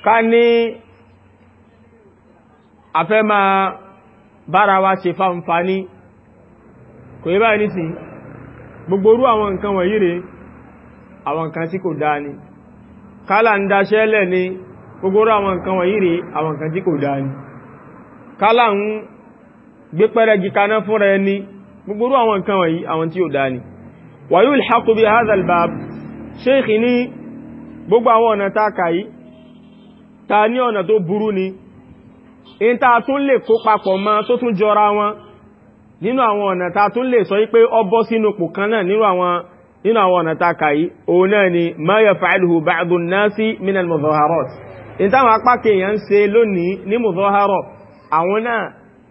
ká ní afẹ́ máa bára wa ṣe fàǹfàní kò yí báyìí nísìn gbogbo orú àwọn nǹkan wọ̀nyí rẹ̀ àwọn nǹkan tí kò dáa ni kálà ń daṣẹ́lẹ̀ ni gbogbo orú àwọn nǹkan wọ̀nyí rẹ̀ àwọn nǹkan tí kò dáa ni kálà ń gbé pẹ́rẹ́gì kaná fúnra ẹni gbogbo àwọn nǹkan wọ̀nyí àwọn tí ó dá ni wa yulhaqu bi hadha al-bab sheikh ní gbogbo àwọn ọ̀nà tá kà yìí ta ní ọ̀nà tó burú ni in ta tún lè kó papọ̀ mọ́ tó tún jọra wọn nínú àwọn ọ̀nà ta tún lè sọ pé ọ bọ́ sínú pò kan náà nínú àwọn ọ̀nà ta kà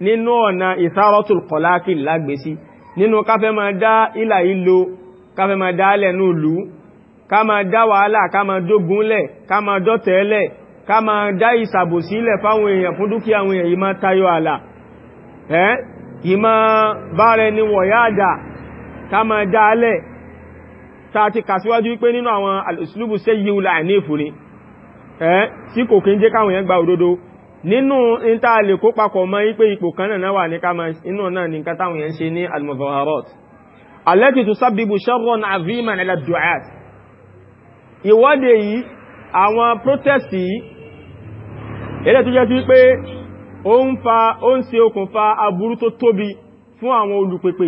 nínú ọ̀nà ìsáratul kọlákì lágbèsí nínú káfẹ́ ma dá ìlà ìlò káfẹ́ ma dá lẹ̀ ní ìlú ká ma dá wàhálà ká ma dógúnlẹ̀ ká ma dọ́tẹ̀ẹ́lẹ̀ ká ma dá ìsàbòsílẹ̀ fáwọn èèyàn fún dúkìá àwọn èèyàn yìí ma tayọ àlà ẹ́ yìí ma bára ẹni wọ̀yáàdà ká ma dá kò kí ń jẹ́ káwọn èèyàn gba òdodo nínú ìta lè kó papọ̀ mọ́ yí pé ipò kan náà wà ní kama inú náà ní nǹkan táwọn yẹn ṣe ní al-muzaharat allati tusabbibu sharran aziman du'at ìwọ́de yìí àwọn protest yìí ilẹ̀ tó jẹ́ sí pé ó ń fa ó ń ṣe okùnfà aburú tó tóbi fún àwọn olùpèpè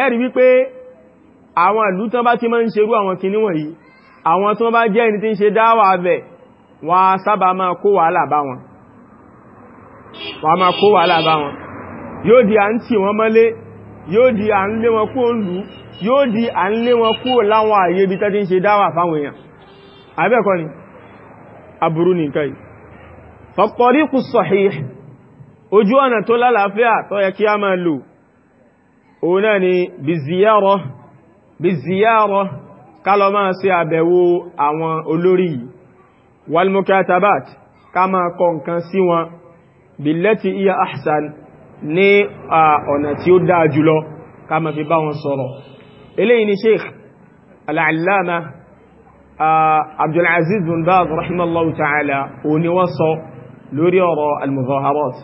ẹ̀rí wípé àwọn ìlú tán bá ti máa ń ṣerú àwọn kinní wọ̀nyí wọ́n máa kó wà láàbá wọn yóò di à ń tì wọ́n mọ́lé yóò di à ń lé wọn kúrò lù yóò di à ń lé wọn kúrò láwọn àyè ibi tẹ́tí ń ṣe dáwà fáwọn èèyàn ni aburú ní nǹkan yìí faqariqu sahih ni kọ wọn billati iya ahsan ní ọ̀nà tí ó dáa jùlọ ká ma fi bá wọn sọ̀rọ̀ eléyìí ni sheikh al'allama abdulaziz bin baz rahimallahu ta'ala òní wọ́n sọ lórí ọ̀rọ̀ al-muzaharat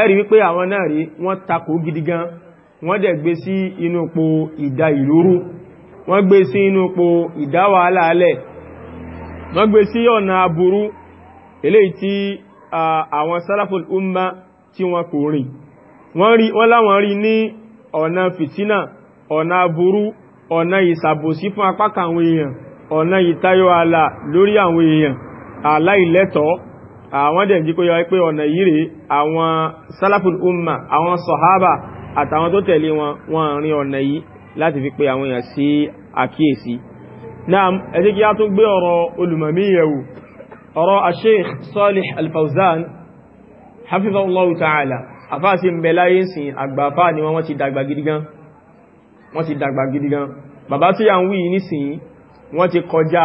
ẹ̀rí wípé àwọn náà rí wọ́n takò gidi gan wọ́n dẹ̀ gbé sí inú po ìdá ìlúrú wọ́n gbé sí inú po ìdá wàhálà alẹ́ wọ́n gbé sí ọ̀nà aburú eléyìí tí àwọn salaful umma tí wọn kò rìn wọ́n láwọn rí ní ọ̀nà fìtínà ọ̀nà aburú ọ̀nà ìsàbòsí fún apákà àwọn èèyàn ọ̀nà ìtayọ ààlà lórí àwọn èèyàn aláìlẹ́tọ̀ọ́ àwọn dẹ̀ jí kó yọ pé ọ̀nà yìí àwọn salaful umma àwọn sọ̀hábà àtàwọn tó tẹ̀lé wọn wọ́n rìn ọ̀nà yìí láti fi pe àwọn èèyàn sí àkíyèsí náà ẹ kí á tún gbé ọ̀rọ̀ olùmọ̀mí yẹ̀wò ọ̀rọ̀ Sheikh Salih Al-Fawzan hafizallahu ta'ala afá sí ń bẹ láyé sin àgbàfá ni wọ́n ti dàgbà gidigan wọ́n ti dàgbà gidigan bàbá tí a ń wí nísìn wọ́n ti kọjá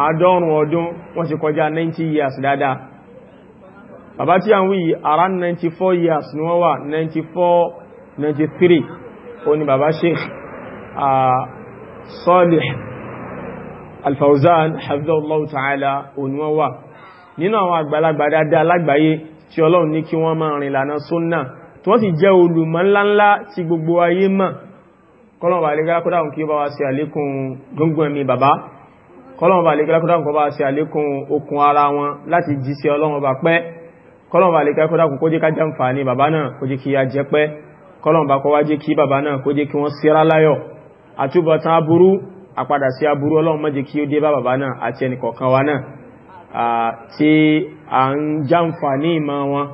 àádọ́rùn ọdún wọ́n ti kọjá 90 years dáadáa bàbá tí a ń wí around 94 years ni wọ́n wà 94 93 ó ní bàbá Sheikh Salih Al-Fawzan hafizahullahu ta'ala onuwawa nínú àwọn àgbàlagbà dáadáa lágbàáyé tí Ọlọ́run ní kí wọ́n máa rìn lànà súnnà tí wọ́n sì jẹ́ olùmọ̀ ńláńlá tí gbogbo ayé mọ̀ kọlọ̀wà alégálákọ́dáhùn kí ó bá wá sí àlékún gbogbo ẹ̀mí bàbá kọlọ̀wà alégálákọ́dáhùn kó bá wá sí àlékún okun ara wọn láti jí sí Ọlọ́run bá pẹ́ apadà sí aburú ọlọ́run má jẹ́ kí ó dé bá bàbá náà àti ẹnìkọ̀ọ̀kan wa náà tí a ń jàǹfà ní ìmọ̀ wọn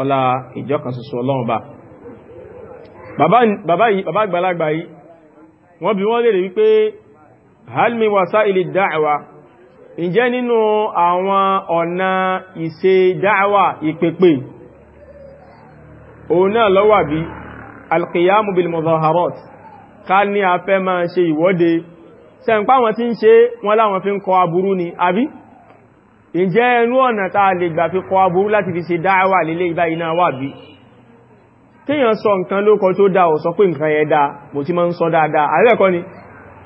ọlá ìjọkan ṣoṣo ọlọ́run bá bàbá àgbàlagbà yìí wọ́n bí wọ́n lèrè wípé halmi wasaili da'wa ǹjẹ́ nínú àwọn ọ̀nà ìṣe da'wa ìpèpè òun náà lọ́wà bí alqiyamu bil mudaharat ká ní a fẹ́ máa ṣe ìwọ́de sẹ̀ǹpá wọn tí ń ṣe wọn láwọn fi ń kọ aburú ni àbí ǹjẹ́ ẹnu ọ̀nà ta lè gbà fi kọ aburú láti fi ṣe dáwà lílé ibá iná wà bí kíyàn sọ nǹkan lórúkọ tó dá ò sọ pé nǹkan yẹn dá mo ti máa ń sọ dáadáa àrẹ́kọ́ ni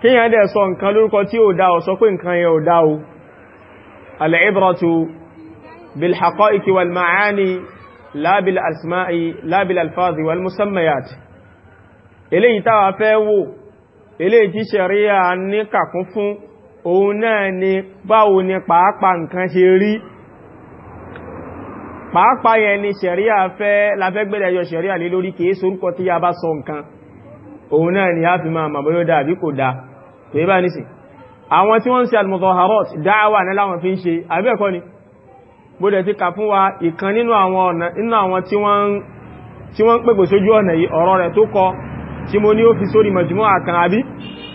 kíyàn dẹ̀ sọ eléyìí tí ṣẹ̀ríà ní kàkún fún òun náà ni báwo ni pàápàá nǹkan ṣe rí pàápàá yẹn ni ṣẹ̀ríà fẹ́ láfẹ́gbẹ̀rẹ̀ yọ ṣẹ̀ríà lé lórí kìí sorúkọ tí a bá sọ nǹkan òun náà ni a fi máa mọ̀ bóyá dáa bí kò dáa tó yẹ bá nísìn àwọn tí wọ́n ń ṣe al-mudaharat dáwà ní láwọn fi ń ṣe àbẹ́ẹ̀kọ́ ni bóde ti kà fún wa ìkan nínú àwọn tí wọ́n ń pèpè sójú ọ̀nà yìí ọ̀rọ̀ rẹ̀ tó kọ tí mo ní ó fi sórí màjúmọ́ àkàn àbí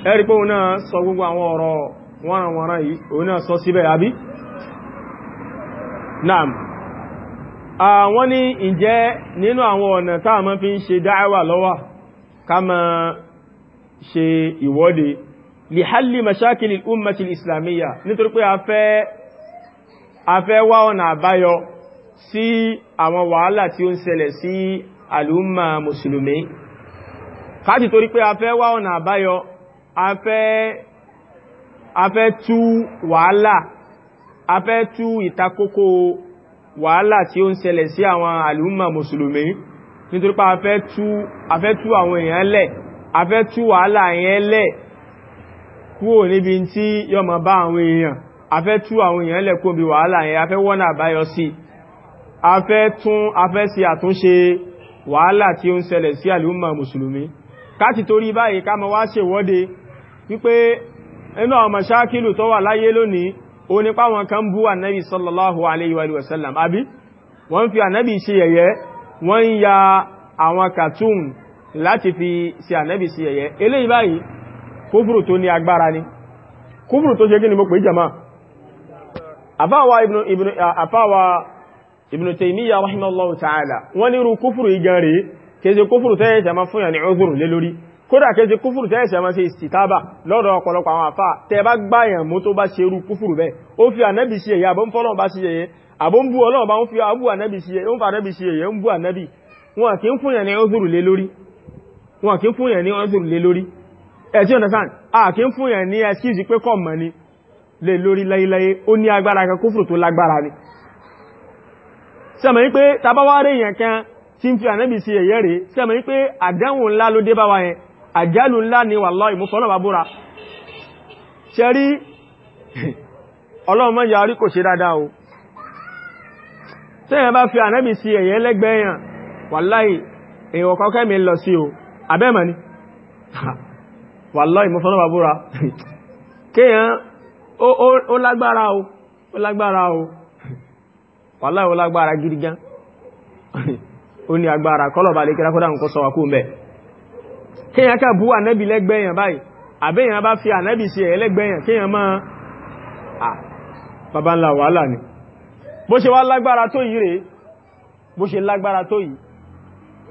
ẹ̀rí pé òun náà sọ gbogbo àwọn ọ̀rọ̀ wọ́nranwọ́nran yìí òun náà sọ síbẹ̀ àbí naam àwọn ní ìjẹ́ nínú àwọn ọ̀nà táà mọ́ fi ń ṣe dáẹ́wà lọ́wà ká má ṣe ìwọ́de lè hálì ummatil islamiyya nítorí pé a fẹ́ wá ọ̀nà àbáyọ sí àwọn wàhálà tí ó ń ṣẹlẹ̀ sí al'umma musulmi káàtì torí pé a fẹ́ wá ọ̀nà àbáyọ a fẹ́ a fẹ́ tú wàhálà a fẹ́ tú ìtakókò wàhálà tí ó ń ṣẹlẹ̀ sí àwọn àlùmọ̀ mùsùlùmí nítorí pé a fẹ́ tú a fẹ́ tú àwọn èèyàn lẹ̀ a fẹ́ tú wàhálà yẹn lẹ̀ kúrò níbi tí yó máa bá àwọn èèyàn a fẹ́ tú àwọn èèyàn lẹ̀ kó bí wàhálà yẹn a fẹ́ wọ́nà àbáyọ sí a fẹ́ tún a fẹ́ ṣe àtúnṣe wàhálà tí ó ń ṣẹlẹ̀ sí àlùmọ̀ mùsùlùmí káti torí báyìí ká ma wá ṣe wọ́de wípé inú ọmọ ṣákìlù tó wà láyé lónìí o nípa wọn kan bú ànábì sallallahu alayhi wa sallam abi, wọ́n fi ànábì ṣe yẹ̀yẹ́ wọ́n ń ya àwọn cartoon láti fi ṣe ànábì ṣe yẹ̀yẹ́ eléyìí báyìí kúfùrù tó ní agbára ni kúfùrù tó ṣe kí ni mo pè jama àfáwà ibn ibnu àfáwà ibnu ta'ala wọ́n ní irú kúfùrù igan rèé kéèsè kúfùrù tẹ́yẹ̀ ṣe máa fúnyà ní ọzùrù lé lórí kódà kéèsè kúfùrù tẹ́yẹ̀ ṣe máa ṣe ìsìtàbà lọ́dọ̀ ọ̀pọ̀lọpọ̀ àwọn àfà tẹ́ bá gbáyàn mú tó bá ṣerú kúfùrù bẹ́ẹ̀ ó fi ànẹ́bì ṣe èyẹ àbọ́n fọ́lọ́n bá ṣe èyẹ àbọ́n bú ọlọ́run bá ń fi àbú ànẹ́bì ṣe èyẹ ń fa ànẹ́bì ṣe èyẹ ń bú ní pé kọ̀ mọ̀ ni lé lórí láyéláyé ó ní agbára kan kúfùrù tó lágbára ni sẹ́mọ̀ yí pé tabáwá rèèyàn kan tí ń fi ànábì sí ẹ̀yẹ́ rẹ̀ sí ẹ̀mọ̀ wípé àdánwò ńlá ló dé bá wa yẹn àjálù ńlá ni wallahi ìmúfọ́nà bá búra ṣe rí ọlọ́mọ yarí kò ṣe dáadáa o tẹ́yẹ̀ bá fi ànábì sí ẹ̀yẹ́ lẹ́gbẹ̀ẹ́yàn wallahi èèwọ̀ kọ́kẹ́ mi lọ sí o abẹ́mọ̀ ni wallahi ìmúfọ́nà bá búra kéèyàn ó lágbára o ó lágbára o wallahi ó lágbára gidi gan ó ní agbára kọ́lọ̀bà lè kíra kọ́dá nǹkan sọwà kú mẹ́ kíyàn ká bú ànẹ́bì lẹ́gbẹ̀yàn báyìí àbẹ́yàn bá fi ànẹ́bì sí ẹ̀yẹ lẹ́gbẹ̀yàn kíyàn máa à ńlá wàhálà ni bó ṣe wá lágbára tó yìí rèé bó ṣe lágbára tó yìí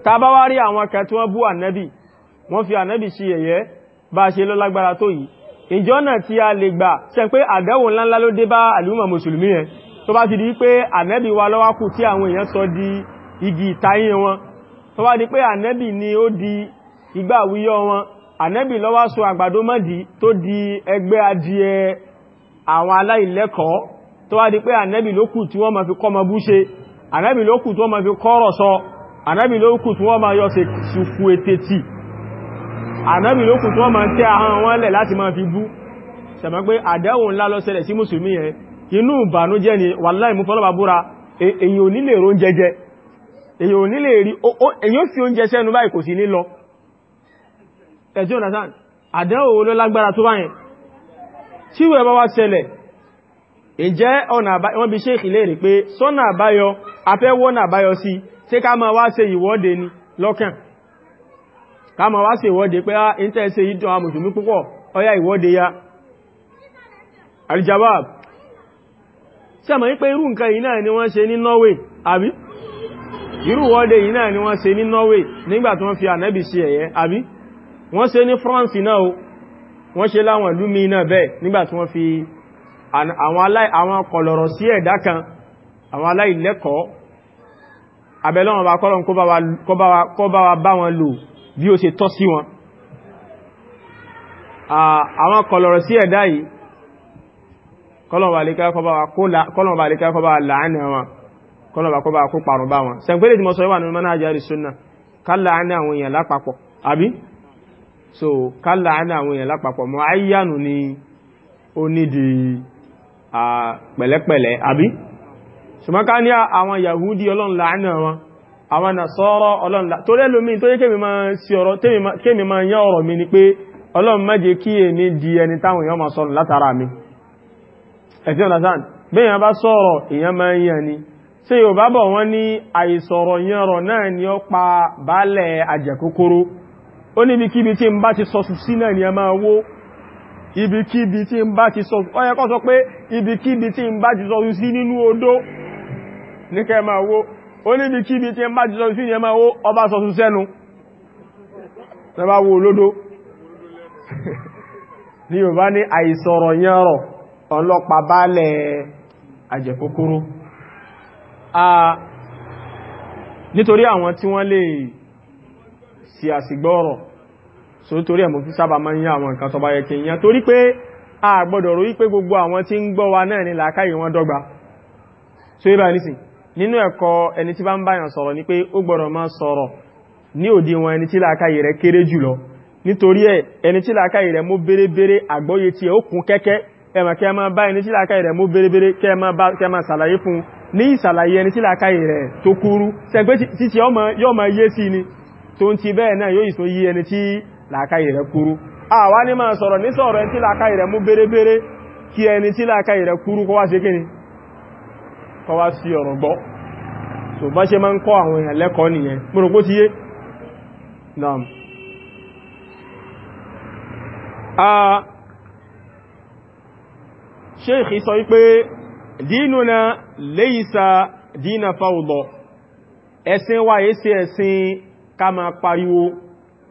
ta bá wá rí àwọn kan tí wọ́n bú ànẹ́bì wọ́n fi ànẹ́bì sí ẹ̀yẹ bá ṣe lọ lágbára tó yìí ìjọ a lè gbà ti di pé ànẹ́bì wa lọ́wọ́ tí àwọn èèyàn sọ di igi ìtayín wọn tó wá di pé ànẹ́bì ni ó di igbá àwíyọ́ wọn ànẹ́bì ló wá sọ àgbàdo mọ́dí tó di ẹgbẹ́ adìẹ àwọn aláìlẹ́kọ̀ọ́ tó wá di pé ànẹ́bì ló kù tí wọ́n ma fi kọ́ ma bú ṣe ànẹ́bì ló kù tí wọ́n ma fi kọ́rọ̀ sọ ànẹ́bì ló kù tí wọ́n ma yọ sùkú ètè tì ànẹ́bì ló kù tí wọ́n ma tẹ́ ahọ́n wọn lẹ̀ láti ma fi bú sẹ̀mọ́ pé àdẹ́wò ńlá ló ṣẹlẹ̀ sí mùsùlùmí yẹn inú ìbànújẹ́ ni wàláì mú fọ́lọ́bà e-, ò nílè rón èyàn ò nílè rí èyàn ó sì oúnjẹ sẹ́nu báyìí kò sí ní lọ ẹjọ́ nàtàn àdánwò ló lágbára tó báyìí tí wẹ́ bá wá ṣẹlẹ̀ ìjẹ́ ọ̀nà àbáyọ wọ́n bí ṣéèkì léèrè pé sọ́nà àbáyọ afẹ́ wọ́nà àbáyọ sí tí ká máa wá ṣe ìwọ́de ni lọ́kàn ká máa wá ṣe ìwọ́de ah, ni wọ́n Norway àbí irú wọ́de yìí náà ni wọ́n ṣe ní Norway nígbà tí wọ́n fi ànábì sí ẹ̀yẹ àbí wọ́n ṣe ní France náà o wọ́n ṣe láwọn ìlú mi náà bẹ́ẹ̀ nígbà tí wọ́n fi àwọn kọlọ̀rọ̀ sí ẹ̀dá kan àwọn aláìlẹ́kọ̀ọ́ abẹ́lọ́wọ́n bá kọ́lọ̀ kó bá wa bá wọn lò bí ó ṣe tọ́ sí wọn àwọn kọlọ̀rọ̀ sí ẹ̀dá yìí kọ́lọ̀ bá lè kọ́ bá wa láàánà wọn kọ́lọ̀bà kọ́ bá kó parun bá wọn sẹ̀pẹ́lẹ̀ tí mo sọ wà nínú mọ́nà àjárí kálà á ní àwọn èèyàn lápapọ̀ àbí so kálà á ní àwọn èèyàn lápapọ̀ mọ́ ayánu ni ó nídi pẹ̀lẹ́pẹ̀lẹ́ àbí ṣùgbọ́n ní àwọn yahudi ọlọ́run láàánà wọn àwọn nasọ́rọ̀ ọlọ́run láàánà tó lẹ́lómi tó yẹ kémi máa yán ọ̀rọ̀ mi ni di ẹni táwọn èèyàn máa sọ̀rọ̀ látara mi ẹ̀fẹ́ ọ̀nà sáà bẹ́yàn bá sọ̀rọ̀ èèyàn máa ń yàn ni ṣé bá bọ̀ wọ́n ní àìsọ̀rọ̀ yanrọ̀ náà ni ó pa baálẹ̀ àjẹ̀kókóró ó tí ń bá ti sọ náà ni a máa wó ibikíbi tí ń bá ti ti nínú odó ní kẹ́ máa wó ó níbikíbi tí ń bá ti ni a máa ọba ọlọ́pàá a nítorí àwọn tí wọ́n lè sí àsìgbọ́rọ̀ so nítorí ẹ̀mọ̀ fi sábà máa ń yá àwọn nǹkan tó bá yẹ kí n yá torí pé a gbọ́dọ̀ rò wípé gbogbo àwọn tí ń gbọ́ wa náà ni làákàyè wọn dọ́gba so ibà nísìn nínú ẹ̀kọ́ ẹni tí bá ń báyàn sọ̀rọ̀ ni pé ó gbọ́dọ̀ máa sọ̀rọ̀ ní òdiwọ̀n ẹni tí làákàyè rẹ̀ kéré jùlọ nítorí ẹ̀ ẹni tí làákàyè rẹ̀ mú bérebére àgbọ́yé tí ẹ ó kún kẹ́kẹ́ ẹ̀mọ̀ kẹ́ máa bá ẹni tí làákàyè rẹ̀ mú bérebére kẹ́ máa ṣàlàyé fún ní ìsàlàyé ẹni sílá káyì rẹ̀ tó kúrú sẹ́gbé títí yọ́ ma yé sí ni tó ń ti bẹ́ẹ̀ náà yóò ìsọ yí ẹni tí làákàyè rẹ̀ kúrú àwa ní máa sọ̀rọ̀ ní sọ̀rọ̀ ẹni tí làákàyè rẹ̀ mú bérébéré kí ẹni tí làákàyè rẹ̀ kúrú kọ́ wá ṣe kíni kọ́ wá sí so bá ṣe máa ń kọ́ àwọn èèyàn lẹ́kọ̀ọ́ nìyẹn mo rò pó sheikh sọ wípé dínúna léyìísá dínà fáwọ̀lọ́ ẹ̀sìn wa yìí sí ẹ̀sìn ká máa pariwo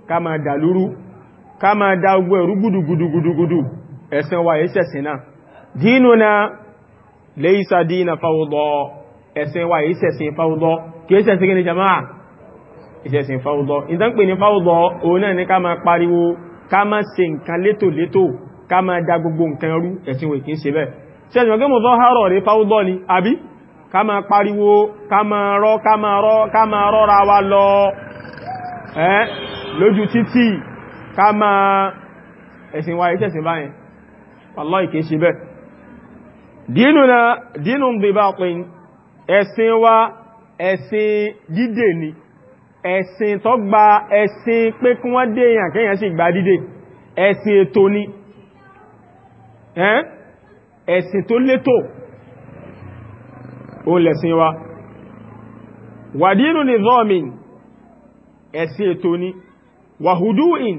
ká máa dàlúrú ká máa dá ogbó ẹ̀rú ẹ̀sìn wa yìí sẹ̀sìn náà dínúna léyìísá dínà fáwọ̀lọ́ ẹ̀sìn wa yìí ẹ̀sìn sí kí ni pariwo gbogbo ṣe ẹ̀sìn ọgbẹ́ mọ̀sán fáwọ́dọ́ ni àbí ká máa pariwo ká máa rọ́ ká wa lọ ẹ́ lójú títì ká máa ẹ̀sìn wa ìṣẹ́sìn báyẹn ẹ̀sìn wa tó gba ẹ̀sìn pé kí wọ́n dèèyàn kéèyàn sì gba ẹ̀sìn ẹ̀sìn tó létò ó lẹ̀sìn wa wàdínú ni zọ́ọ̀mìn ẹ̀sìn ètò ni wàhùdúìn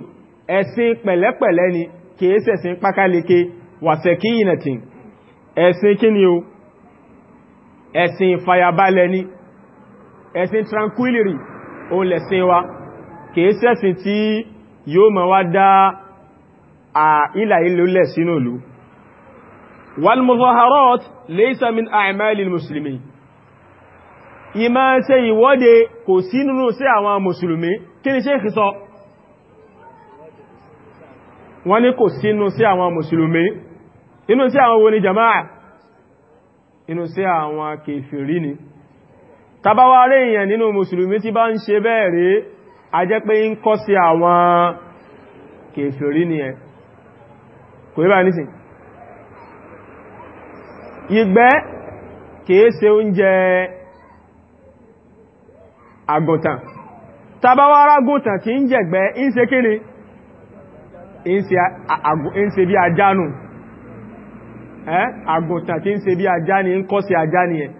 ẹ̀sìn pẹ̀lẹ́pẹ̀lẹ́ ni kìí ṣẹ̀sìn pákáleke wàsẹ̀kí ìnàtìn ẹ̀sìn kí ni o ẹ̀sìn ìfàyàbalẹ̀ ni ẹ̀sìn tranquility ó lẹ̀sìn wa kìí ṣẹ̀sìn tí yóò mọ̀ wá dá à ìlà ilẹ̀ sínú ìlú والمظاهرات ليس من أعمال المسلمين ìmá ṣe ìwọ́de kò sí nínú sí àwọn mùsùlùmí kí ni ṣéèkì sọ wọ́n ní kò sí nínú sí àwọn mùsùlùmí inú sí àwọn wo ni jama'a inú sí àwọn kèfèrí ni tabawa rẹ̀ èèyàn nínú mùsùlùmí tí bá ń ṣe a jẹ́ pé ń kọ́ sí àwọn ni ẹ̀ kò rí bá igbe kìí ṣe oúnjẹ àgùntàn tàbáwárá gùntàn tí ń jẹ̀gbẹ́ ń ṣe kí ni ń ṣe bí ajánù àgùntàn tí ń se bí ajá ni ń kọ́ sí ajá ni ẹ̀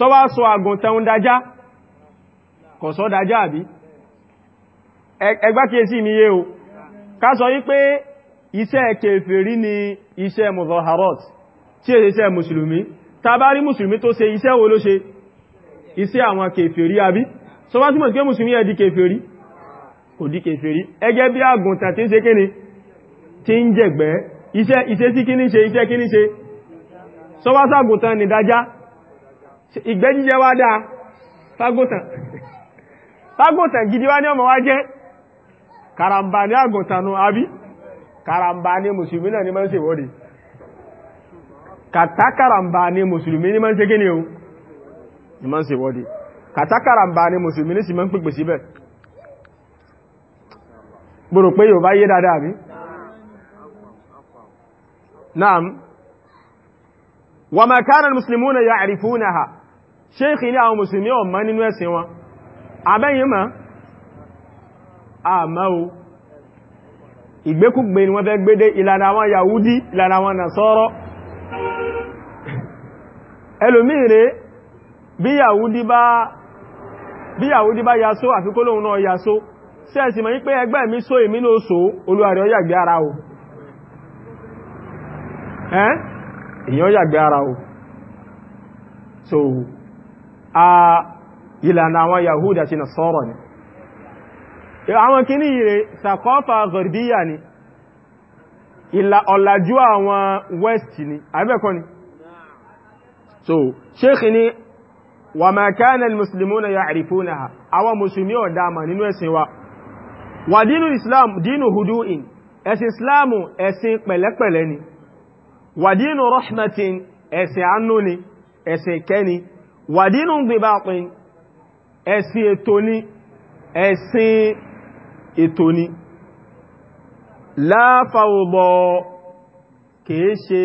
sọ wá sọ àgùntàn ń dájá kọ̀ sọ dájá àbí ẹgbá kíyèsí mi yé o ká sọ wípé iṣẹ́ kèfèrí ni iṣẹ́ muzaharat tí è iṣẹ́ mùsùlùmí tàbárí mùsùlùmí tó ṣe iṣẹ́ wo ló ṣe iṣẹ́ àwọn kèfèrí àbí so bá túnmọ̀ kí mùsùlùmí ẹ̀ di kèfèrí kò di kèfèrí ẹgẹ́ bí àgùntàn tí ń ṣe kíni tí ń jẹ̀gbẹ́ iṣẹ́ iṣẹ́ sí kíní ṣe iṣẹ́ kíní ṣe so bá sàgùntàn ní dájá ìgbẹ́ jíjẹ wá dáa fágùntàn gidi wá ní ọmọ wá jẹ́ karambani àgùntàn nù abi, karambani mùsùlùmí náà ni mọ́ ń ṣèwọ́de kàtàkàràmbà ní mùsùlùmí ní máa ń ṣe gíní o ní máa ń ṣe wọ́dí kàtàkàràmbà ní mùsùlùmí ní sì máa ń pèpè síbẹ̀ gbòrò pé yóò bá yé dáadáa bí naam wa ma kana al-muslimuna ya'rifunaha ṣéèkì ní àwọn mùsùlùmí ọ̀mọ́ nínú ẹ̀sìn wọn abẹ́yìn ma àmá o ìgbékúgbé ni wọ́n fẹ́ gbédé ìlànà àwọn Yahudi ìlànà àwọn Nasara ẹlòmíire bí Yahudi bá yasó àfikólóhun náà yasó sí ẹ̀sì mọ̀ wípé ẹgbẹ́ mi só èmi na oso olúwarẹ̀ ó oyagbe ara o ẹ́ èyàn yàgbé ara o so a ìlànà àwọn Yahudi àti Nasara ni àwọn kìíní ire sàkọ́fà gọ̀rdíyà ni ìlà ọ̀làjú àwọn west ni àbẹ́kọ́ ni so sheikh ni wa ma kana almuslimuna ya'rifunaha àwọn muslimi o da ma nínú ẹ̀sìn wa wa dinu islam dinu hudu'in ẹ̀sìn islam ẹ̀sìn pẹ̀lẹ́pẹ̀lẹ́ ni wa dinu rahmatin ẹ̀sìn àánú ni ẹ̀sìn keni wa dinu dibatin ẹ̀sìn ètò ni ẹ̀sìn la fawda kìí ṣe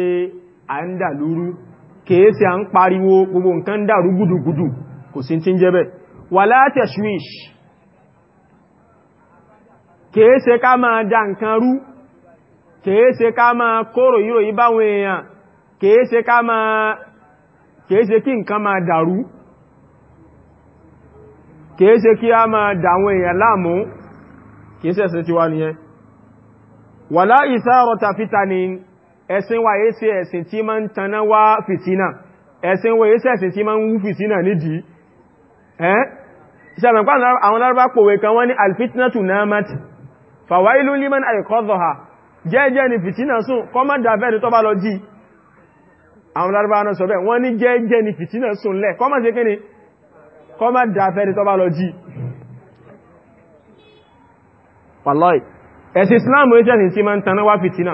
àndàlúrú kèése à ń pariwo gbogbo nǹkan dàrú gudugudu kò sí tí ń jẹ́ bẹ́ wala kèése ká máa dá nǹkan rú kèése ká máa kóró ìròyìn báwọn èèyàn kèése ká máa kèése kí nǹkan máa dàrú kèése kí a máa dàwọn èèyàn láàmú kèése ẹ̀sẹ̀ ẹ̀sìn wa yìí ṣe ẹ̀sìn tí máa ń taná wá fìtínà ẹ̀sìn wa yìí ṣe ẹ̀sìn tí máa ń wú fìtínà nídìí ẹ́ ṣàmùpá àwọn lárúbá pòwe kan wọ́n ní alfitnatu namat fàwáìlú liman àìkọ́dọ̀ha jẹ́jẹ́ ni fìtínà sùn kọ́ má dàbẹ́ ni tó bá lọ jí àwọn lárúbá náà sọ bẹ́ẹ̀ wọ́n ní jẹ́jẹ́ ni fìtínà sùn lẹ̀ kọ́ má ṣe kí ni kọ́ má dàbẹ́ ni tó bá lọ jí wallahi ẹ̀sìn Islam ẹ̀sìn tí máa ń taná wá fìtínà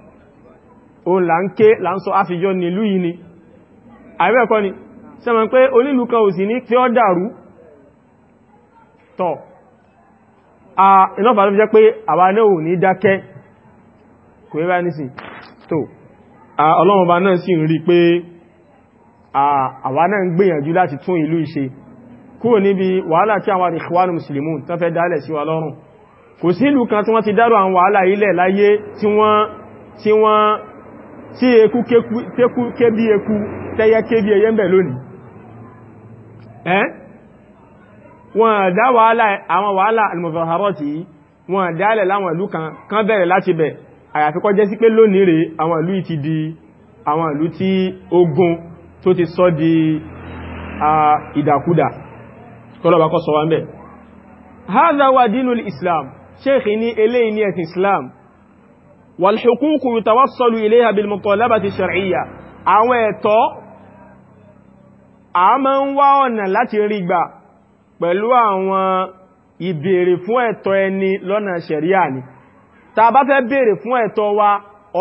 o là ń ké là ń sọ áfijọ́ nílú yìí ni àìbẹ́ẹ̀kọ́ ni sẹ́mọ̀ pé onílù kan ò sí ní tí ó dàrú tọ̀ ìlọ́pàá tó fi jẹ́ pé àwa náà ò ní dákẹ́ kò yẹ bá nísìn tó ọlọ́run ọba náà sì ń rí pé àwa náà ń gbìyànjú láti tún ìlú ìṣe kúrò níbi wàhálà tí àwọn Ikhwanul Muslimun tán fẹ́ dálẹ̀ sí wa lọ́rùn kò sí ìlú kan tí wọ́n ti dárò àwọn wàhálà ilẹ̀ láyé tí wọ́n tí eku ké bí eku tẹ́yẹ ké bí ẹyẹ ń bẹ̀ lónìí ẹ́ wọ́n dá wàhálà àwọn wàhálà almuzaharati yìí wọ́n dálẹ̀ láwọn ìlú kan kan bẹ̀rẹ̀ láti bẹ̀ àyàfi kọ́ jẹ́ sí pé lónìí rẹ̀ àwọn ìlú di àwọn ìlú tí ogun tó ti sọ di ìdàkúdà kọlọ̀bà kọ́ sọ wá ń bẹ̀. islam sheikh ni eléyìí ni islam والحقوق يتوصل إليها بالمطالبة الشرعية àwọn ẹ̀tọ́ a máa ń wá ọ̀nà láti rí gbà pẹ̀lú àwọn ìbéèrè fún ẹ̀tọ́ ẹni lọ́nà ṣẹ̀ríà ni ta bá fẹ́ béèrè fún ẹ̀tọ́ wa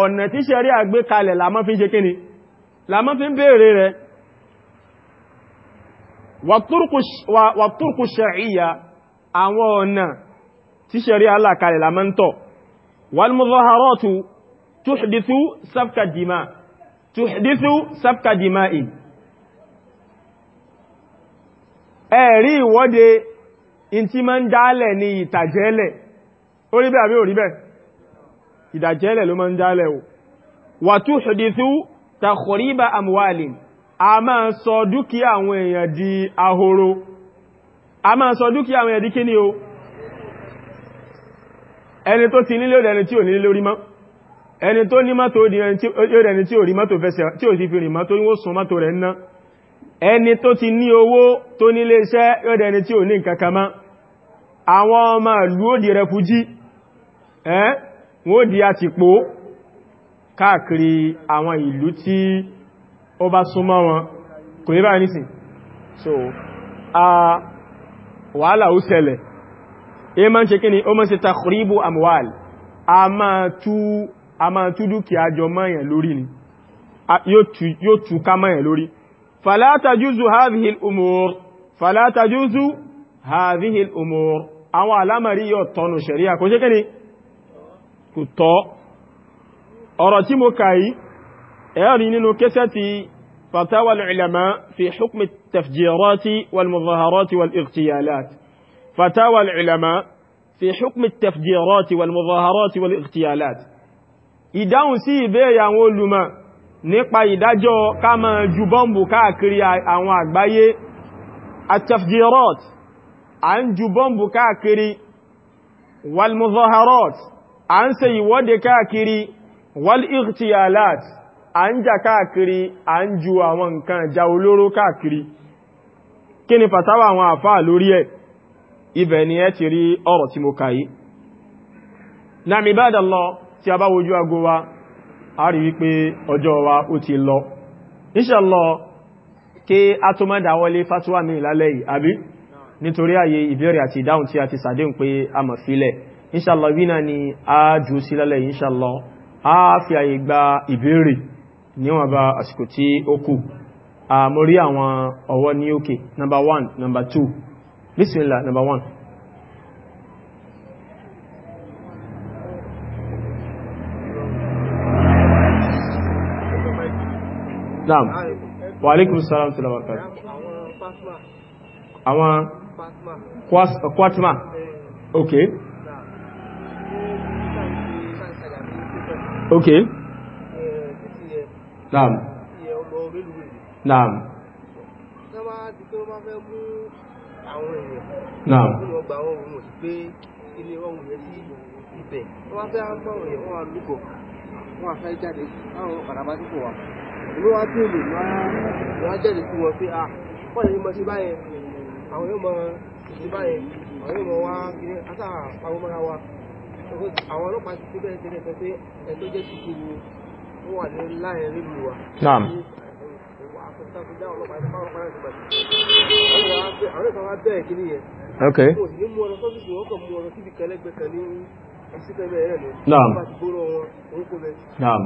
ọ̀nà tí ṣẹ̀ríà gbé kalẹ̀ la máa fi ṣe kíni la máa fi béèrè rẹ̀ wàtúrkù ṣẹ̀ríà àwọn ọ̀nà tí ṣẹ̀ríà là kalẹ̀ la máa ń tọ̀ والمظاهرات تحدث سفك الدماء تحدث سفك الدماء ẹ̀rí ìwọ́de in tí ma ń dálẹ̀ ní ìtàjẹ́lẹ̀ orí bẹ́ àbí orí bẹ́ ìdàjẹ́lẹ̀ ló ma ń dálẹ̀ o wà tuhdithu takhriba amwalin a máa sọ dúkìá àwọn èèyàn di ahoro a máa sọ dúkìá àwọn èèyàn di kíni o ẹni tó ti nílé òdẹni tí ò nílé lórí mọ́ ẹni tó ní mọ́tò òdẹni tí ò rí mọ́tò fẹsẹ̀ tí ò sì fi rìn mọ́tò yíwó sun mọ́tò rẹ̀ ná ẹni tó ti ní owó tó nílé iṣẹ́ òdẹni tí ò ní nǹkan kan mọ́ àwọn ọmọ ìlú ó di rẹfují ẹ́ wọ́n ó di àtìpó káàkiri wàhálà ó ṣẹlẹ̀ in ma ń ṣe kíni o ma ń ṣe takhribu amwal a ma tú a ma tú dúkìá jọ mọ́yàn lórí ni yóò tú ká mọ́yàn lórí fala tajuzu hadhihi al-umur fala tajuzu hadhihi al-umur àwọn alámàrí yóò tọ́nu ṣẹ̀ríà kò ṣe kíni kò tọ́ ọ̀rọ̀ tí mo kàí ẹ̀rí nínú kẹsẹ̀ ti fatawa al fi hukmi tafjirati wal muzaharati wal iqtiyalat فتاوى العلماء في حكم التفجيرات والمظاهرات والاغتيالات ìdáhùn sí ìbéèrè àwọn olùmọ̀ nípa ìdájọ́ ká máa ju bọ́m̀bù káàkiri àwọn àgbáyé atafjirot a ń ju bọ́m̀bù káàkiri walmuzaharot a ń ṣe ìwọ́de káàkiri wal'ightiyalat a ń jà káàkiri a ń ju àwọn nǹkan ìjà olóró káàkiri kí ni fatawa àwọn àfáà lórí ẹ̀ ibẹ̀ ni ẹ ti rí ọ̀rọ̀ tí mo kàyí náà mi bá dà lọ tí a bá wojú ago wa a rí wípé ọjọ́ wa ó ti lọ inshallah kí a tó má dáwọlé fatuwa mi lálẹ́ yìí àbí nítorí àyè ìbéèrè àti ìdáhùn tí a ti sàdéhùn pé a mọ̀ sílẹ̀ inshallah number one number two Bismillah, number one. Naam. Wa alaikum salam tula wakat. Àwọn uh, kwatma. Ok. Ok. Naam. Naam. náà àwọn ohun mọ̀ sí pé ilé ọ̀hún sí ibẹ̀ wọ́n fẹ́ wọ́n wá lúkọ̀ wọ́n fẹ́ jáde wa ìlú àwọn ọlọ́pàá ti bẹ́ẹ̀ tẹ́lẹ̀ sọ pé ẹ̀ jẹ́ tuntun wọ́n wà ní láyẹ̀ nínú wa ok naam naam naam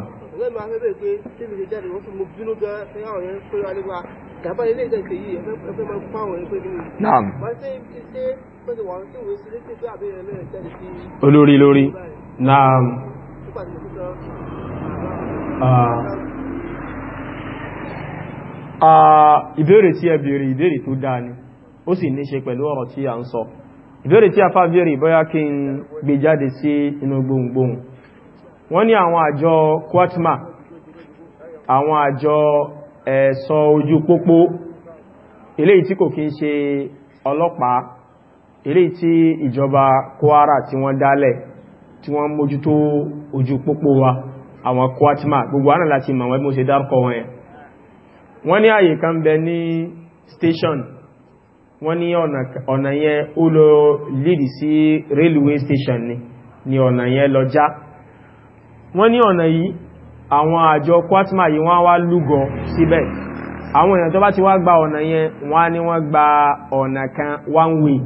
olórí lórí naam ah. Ah, ìbéèrè tí ẹ béèrè ìbéèrè tó dáa ni ó sì ní ṣe pẹ̀lú ọ̀rọ̀ tí a ń sọ ìbéèrè tí a fà béèrè bóyá kí n gbé jáde sí inú gbohùngbohùn wọ́n ní àwọn àjọ kwatma àwọn àjọ ẹ̀ṣọ́ ojú pópó eléyìí tí kò kí ń ṣe ọlọ́pàá eléyìí tí ìjọba Kwara tí wọ́n dálẹ̀ tí wọ́n mójútó ojú pópó wa àwọn kwatma gbogbo ànà láti mọ̀ wọ́n bí àyè kan bẹ ní station wọ́n ní ọ̀nà yẹn ó lọ lèdì sí railway station ni ni ọ̀nà yẹn lọ já wọ́n ní ọ̀nà yìí àwọn àjọ kwatma yìí wọ́n wá lúgọ síbẹ̀ àwọn èèyàn tó bá ti wá gba ọ̀nà yẹn wọ́n á ní wọ́n gba ọ̀nà kan one way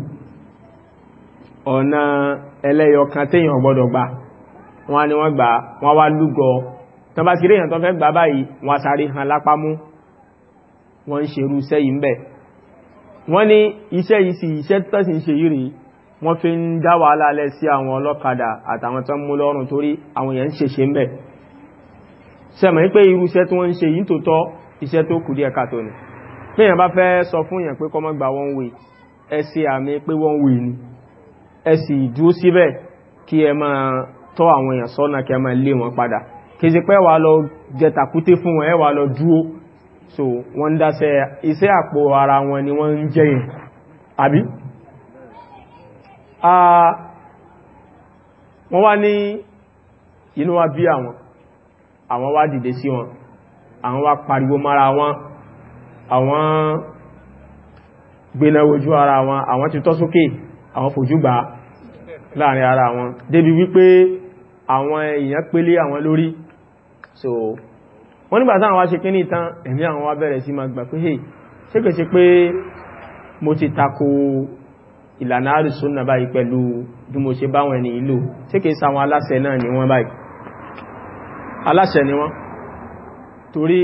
ọ̀nà ẹlẹ́yọ kan téèyàn gbọ́dọ̀ gba wọ́n á ní wọ́n gba wọ́n wá lúgọ tó èèyàn tó fẹ́ gbà báyìí wọ́n sáré han lápámú wọ́n ń ṣerú sẹ́yìn bẹ́ẹ̀ wọ́n ní iṣẹ́ yìí sí iṣẹ́ tó sì ń ṣe yìí rí wọ́n fi ń dá wàhálà alẹ́ sí àwọn ọlọ́kadà àtàwọn tó ń mú lọ́rùn torí àwọn èèyàn ń ṣe ṣe ń bẹ̀ sẹ́mọ̀ pé irú iṣẹ́ tí ń ṣe yìí tó tọ́ iṣẹ́ tó kù díẹ̀ káàtó ni pé bá fẹ́ sọ fún èèyàn pé kó one way ẹ ṣe àmì pé one way ni ẹ sì dúró síbẹ̀ kí ẹ máa so wọ́n dáṣẹ́ iṣẹ́ àpò ara wọn ni wọ́n ń jẹyìn àbí wọ́n wá ní inú wa bí àwọn àwọn wá dìde sí wọn àwọn wá pariwo mara wọn àwọn gbéná ojú ara wọn àwọn ti tọ́ sókè àwọn fojú gbà láàrin ara wọn débi wípé àwọn èèyàn pélé àwọn lórí so wọ́n nígbà táwọn wá ṣe kí ní ìtàn ẹ̀mí àwọn wá bẹ̀rẹ̀ sí máa gbà pé hey ṣé kò ṣe pé mo ti tako ìlànà àrùsùnà báyìí pẹ̀lú bí mo ṣe báwọn ẹni ìlú ṣé sáwọn aláṣẹ náà ni wọ́n báyìí aláṣẹ ni wọ́n torí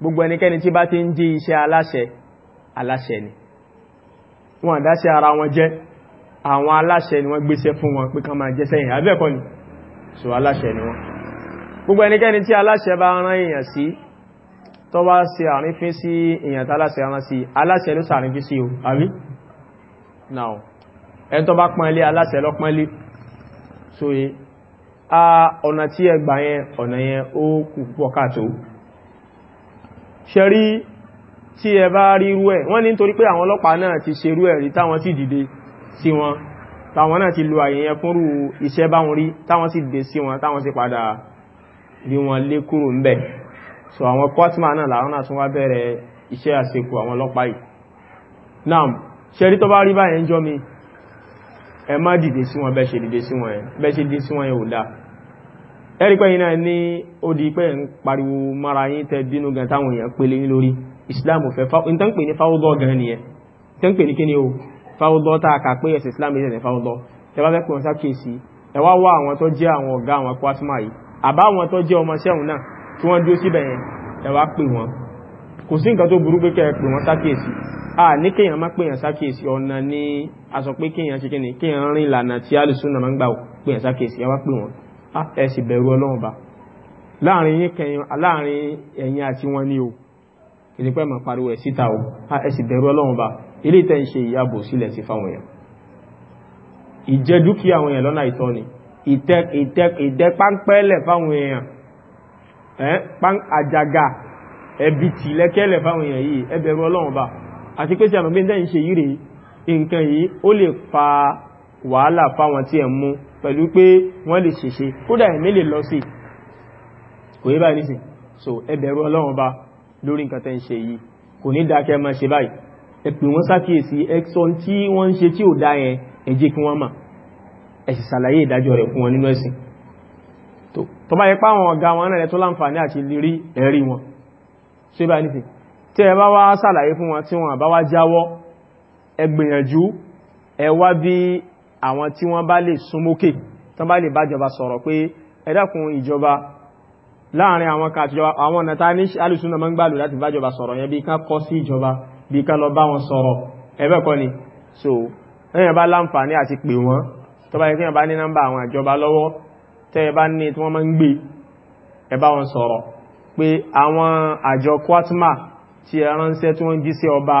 gbogbo ẹnikẹ́ni tí bá ti ń jí iṣẹ́ aláṣẹ aláṣẹ ni wọ́n àdáṣẹ́ ara wọn jẹ́ àwọn aláṣẹ ni wọ́n gbéṣẹ́ fún wọn pé ká máa jẹ́ṣẹ́ yìí àbẹ́ẹ̀kọ́ ni so aláṣẹ ni wọ́n gbogbo ẹnikẹ́ni tí aláṣẹ bá rán èèyàn sí tó bá ṣe àrífín sí èèyàn tí aláṣẹ rán sí aláṣẹ ló sàrífín sí o àbí now ẹni tó bá pọ́nlé aláṣẹ ló pọ́nlé so yé a ọ̀nà tí ẹ gbà yẹn ọ̀nà yẹn ó kù pọ̀ káàtó ṣẹ̀rí tí ẹ bá rí irú ẹ̀ wọ́n ní nítorí pé àwọn ọlọ́pàá náà ti ṣe irú ẹ̀ rí táwọn ti dìde sí wọn táwọn náà ti lo àyẹ̀yẹ fúnrú iṣẹ́ báwọn rí táwọn sì dìde sí wọn táwọn sì padà lé wọn lé kúrò ń bẹ̀ so àwọn kwatman náà làwọn náà tún wá bẹ̀rẹ̀ iṣẹ́ àṣekù àwọn ọlọ́pàá yìí náà ṣẹ́rí tó bá rí jọ mi ẹ má dìde sí wọn dìde sí wọn yẹn sí wọn ò di ń pariwo mara tẹ bínú gan táwọn èèyàn pele yín Islam fẹ́ ní fáwọ́dọ́ gan nìyẹn ní o fáwọ́dọ́ tá a kà pé Islam fáwọ́dọ́ tẹ bá fẹ́ pè wọn sá kéèsì ẹ wá wá àwọn tó jẹ́ àwọn ọ̀gá àwọn yìí àbáwọn tó jẹ́ ọmọ sẹ́hùn náà tí wọ́n dúró síbẹ̀ yẹn ẹ wá pè wọ́n kò sí nǹkan tó burú pé kẹ́ pè wọ́n sákèsì a ní kéèyàn má pèyàn sákèsì ọ̀nà ní aṣọ pé kéèyàn ṣe kíni kéèyàn rìn ìlànà tí alùsùn náà máa ń gbà pèyàn sákèsì ẹ wá pè wọ́n ẹ sì bẹ̀rù ọlọ́run bá láàrin yín àti wọn ni o ìtẹ́ páńpẹ́lẹ̀ fáwọn èèyàn àjàgà ẹ̀bì tì lẹ́kẹ́lẹ̀ fáwọn èèyàn yìí ẹ bẹ̀rù Ọlọ́run bá àti pé tí a mọ̀bí ń ṣe yìí nǹkan yìí ó lè fa wàhálà fáwọn tí ẹ mú pẹ̀lú pé wọ́n lè ṣèṣe kódà ẹ̀mí lè lọ sí kò yí báyìí nísìn so ẹ bẹ̀rù Ọlọ́run bá lórí nǹkan tẹ́ ń ṣe yìí kò ní dákẹ́ máa ṣe báyìí ẹ wọ́n sákìyèsí ẹ̀sọ́ tí wọ́n ń ṣe tí ò dá yẹn ẹ kí wọ́n mọ̀ ẹ̀sì sàlàyé ìdájọ́ rẹ̀ fún wọn nínú ẹ̀sìn tó bá yẹ pá àwọn ọ̀gá wọn náà tó láǹfààní àti rí ẹ̀rí wọn ṣe bá nìsìn tí ẹ bá wá sàlàyé fún wọn tí wọn bá wá jáwọ́ ẹ gbìyànjú ẹ wá bí àwọn tí wọ́n bá lè súnmókè tán bá lè bájọba sọ̀rọ̀ pé ẹ dákun ìjọba láàrin àwọn so ẹ̀yàn bá láǹfààní tó bá yẹ kí ẹ bá ní nọ́mbà àwọn àjọba lọ́wọ́ tẹ́ ẹ bá ní tí wọ́n máa ń gbé ẹ bá wọn sọ̀rọ̀ pé àwọn àjọ kwatma tí ẹ ránṣẹ́ tí wọ́n jíṣẹ́ ọba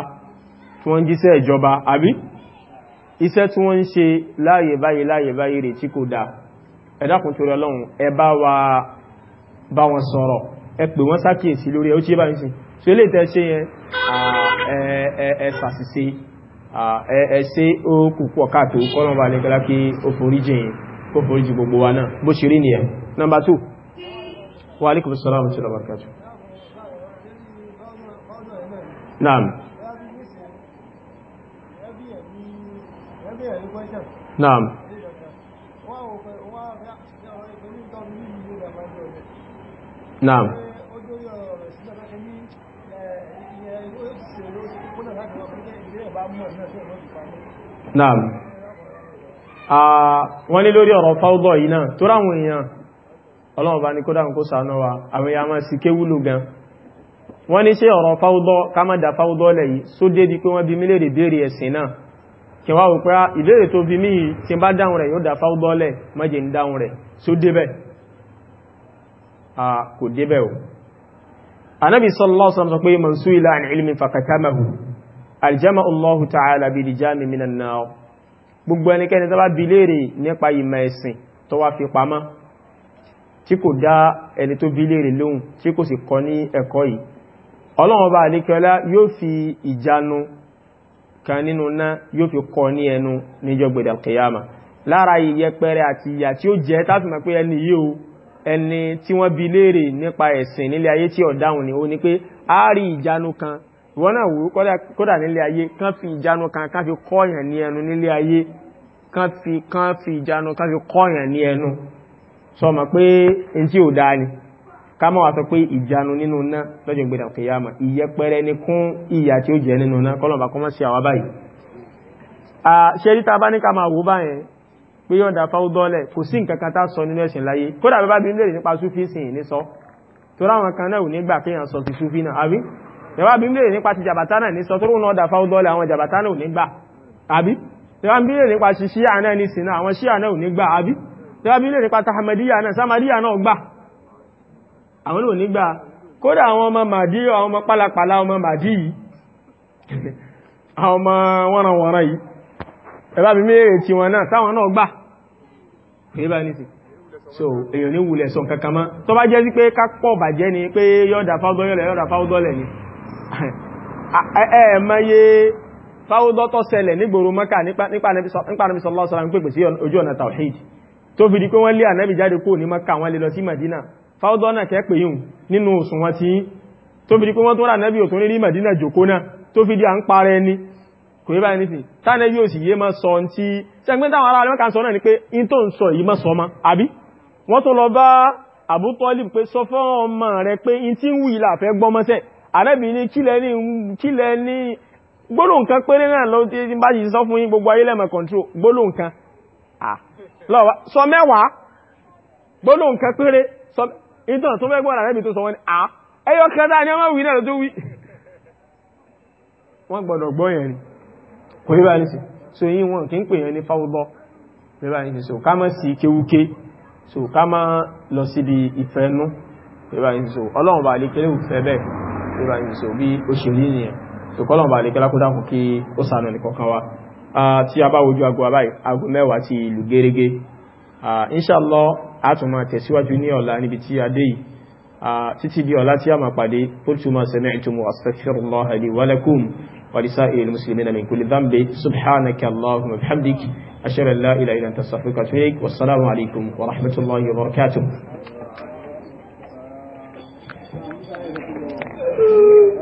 tí wọ́n jíṣẹ́ ìjọba àbí iṣẹ́ tí wọ́n ń ṣe láàyè báyìí láàyè báyìí rẹ̀ tí kò dáa ẹ torí ọlọ́run ẹ wa bá wọn sọ̀rọ̀ ẹ pè wọ́n sákìyèsí lórí ẹ ó ti yé báyìí sìn so eléyìí ẹ̀ẹ́sẹ́ ó kùpọ̀ káàtò kọ́lọ̀bà ní gẹ́lá kí ó forí jìn kó forí jì gbogbo wa náà bó ṣe rí ní ẹ̀ nọmbà 2 wa alaikum salaam wa rahmatullahi wa barakatuh náà wọ́n ní lórí ọ̀rọ̀ fáúdọ̀ yìí náà tó ráwọn èèyàn ọlọ́run bá ní kó dáhùn kó sàánà wa àwọn èèyàn máa sì ké wúlò gan wọ́n ní ṣe ọ̀rọ̀ fáúdọ̀ ká má dá fáúdọ̀ lẹ̀ yìí só débi pé wọ́n bi mí léèrè béèrè ẹ̀sìn náà kí wá wò pé ah, ìbéèrè tó bi mí tí bá dáhùn rẹ̀ yóò só débẹ̀ kò débẹ̀ o anábì sallallahu alaihi wasallam sọ pé man su'ila an ilmin aljama allahu ta'ala bi lijami minan nar gbogbo ẹnikẹ́ni tó bá bi léèrè nípa ìmọ̀ ẹ̀sìn tó wá fi pamọ́ tí kò dá ẹni tó bi léèrè lóhùn tí kò sì kọ́ ní ẹ̀kọ́ yìí ọlọ́run bá yóò fi ìjánu kan nínú ná yóò fi kọ́ ní ẹnu níjọ́ gbẹ̀dẹ̀ wọ́n náà wò kódà nílé ayé kán fi ìjánu kan kán fi kọ́yàn ní ẹnu nílé ayé kán fi kán fi ìjánu kán fi kọ́yàn ní ẹnu sọ ma pé n tí ò dáa ni ká mọ́ wá sọ pé ìjánu nínú náà lọ́jọ́ ìgbéra kìyàmà ìyẹpẹrẹ ni kún ìyà tí ó jẹ nínú náà kọ́lọ̀bà kọ́mọ́ sí àwa báyìí ṣe rí ta bá ní ká máa wò báyẹn pé yọ̀ǹda fáwọ́dọ́lẹ̀ kò sí nǹkan kan tá sọ nínú ẹ̀sìn láyé kódà bá bí ń lè nípa súfí sìn ní sọ tó ráwọn kan náà ò ní gbà kéèyàn sọ ti súfí náà àbí ẹwà bí mílẹ̀ nípa ti jàbátánà ní sọ tó rún náà dàfà ọdọ́lẹ̀ àwọn jàbátánà ò ní gbà àbí ẹwà bí mílẹ̀ nípa ti ṣíà náà ní sinà àwọn ṣíà náà ò ní gbà àbí ẹwà bí mílẹ̀ nípa tahamadíyà náà samadíyà náà gbà àwọn ò ní gbà kódà àwọn ọmọ màdí àwọn ọmọ pálapàla ọmọ màdí yìí àwọn ọmọ wọ́nranwọ̀nran yìí ẹwà bí mílẹ̀ so èyàn ní wulẹ̀ sọ kankan mọ́ tó bá jẹ́ sí pé ká pọ̀ bàjẹ́ ni pé yọ́dà fáwọ́dọ́lẹ̀ yọ́dà fáwọ́dọ́lẹ̀ ni ẹ̀ẹ̀mẹ́yẹ e, e, fáwọ́dọ́tọ́ ṣẹlẹ̀ nígboro Mẹ́kà nípa Ànábì sallallahu alaihi wasallam pèpè sí ojú ọ̀nà tawhid tó fi di pé wọ́n lé Ànábì jáde kó ní maka wọ́n lè lọ sí Madina fáwọ́dọ́ náà kẹ́pẹ̀ yìí nínú òsùn wọn ti tó fi di pé wọ́n tó rà Ànábì ò Madina fi di à ń parẹ́ ẹni kò yí báyìí pé wọ́n tó àrẹ́bì ní kílẹ̀ ní kílẹ̀ ní gbólóhùn kan péré náà ló ti bá yìí sọ fún yín gbogbo ayé lẹ́mọ̀ control gbólóhùn kan ah. lọ́wọ́ sọ mẹ́wàá gbólóhùn kan péré sọ ìtàn tó fẹ́ gbọ́n àrẹ́bì tó sọ wọ́n ni à ah. ẹyọ kan dáa ni ọmọ wí náà tó wí wọ́n gbọ́dọ̀ gbọ́ yẹn ni kò rí bá ní sí so yí wọn kì ń pè yẹn ní fáwọ́bọ́ rí bá ní sí so ká mọ́ sí kéwúké so ká mọ́ lọ síbi ìfẹ́ nú rí bá ní sí so ọlọ́run bá lè kéré òfẹ́ bẹ́ẹ̀ ìrọ̀ àyìn so bí ó ṣe rí nìyẹn so kọ́lọ̀mbà lè kẹ́lá kó dákùn kí ó sànà nìkọ̀ọ̀kan wa tí a bá wojú ago àbáyìí ago mẹ́wàá ti ìlú gẹ́rẹ́gẹ́ inṣàlọ́ a tún máa tẹ̀síwájú ní ọ̀la níbi tí a dé yìí títí di ọ̀la tí a máa pàdé qul sami'tum wa astaghfirullaha li wa lakum wa lisa'iril muslimina min kulli wa rahmatullahi wa barakatuh Thank you.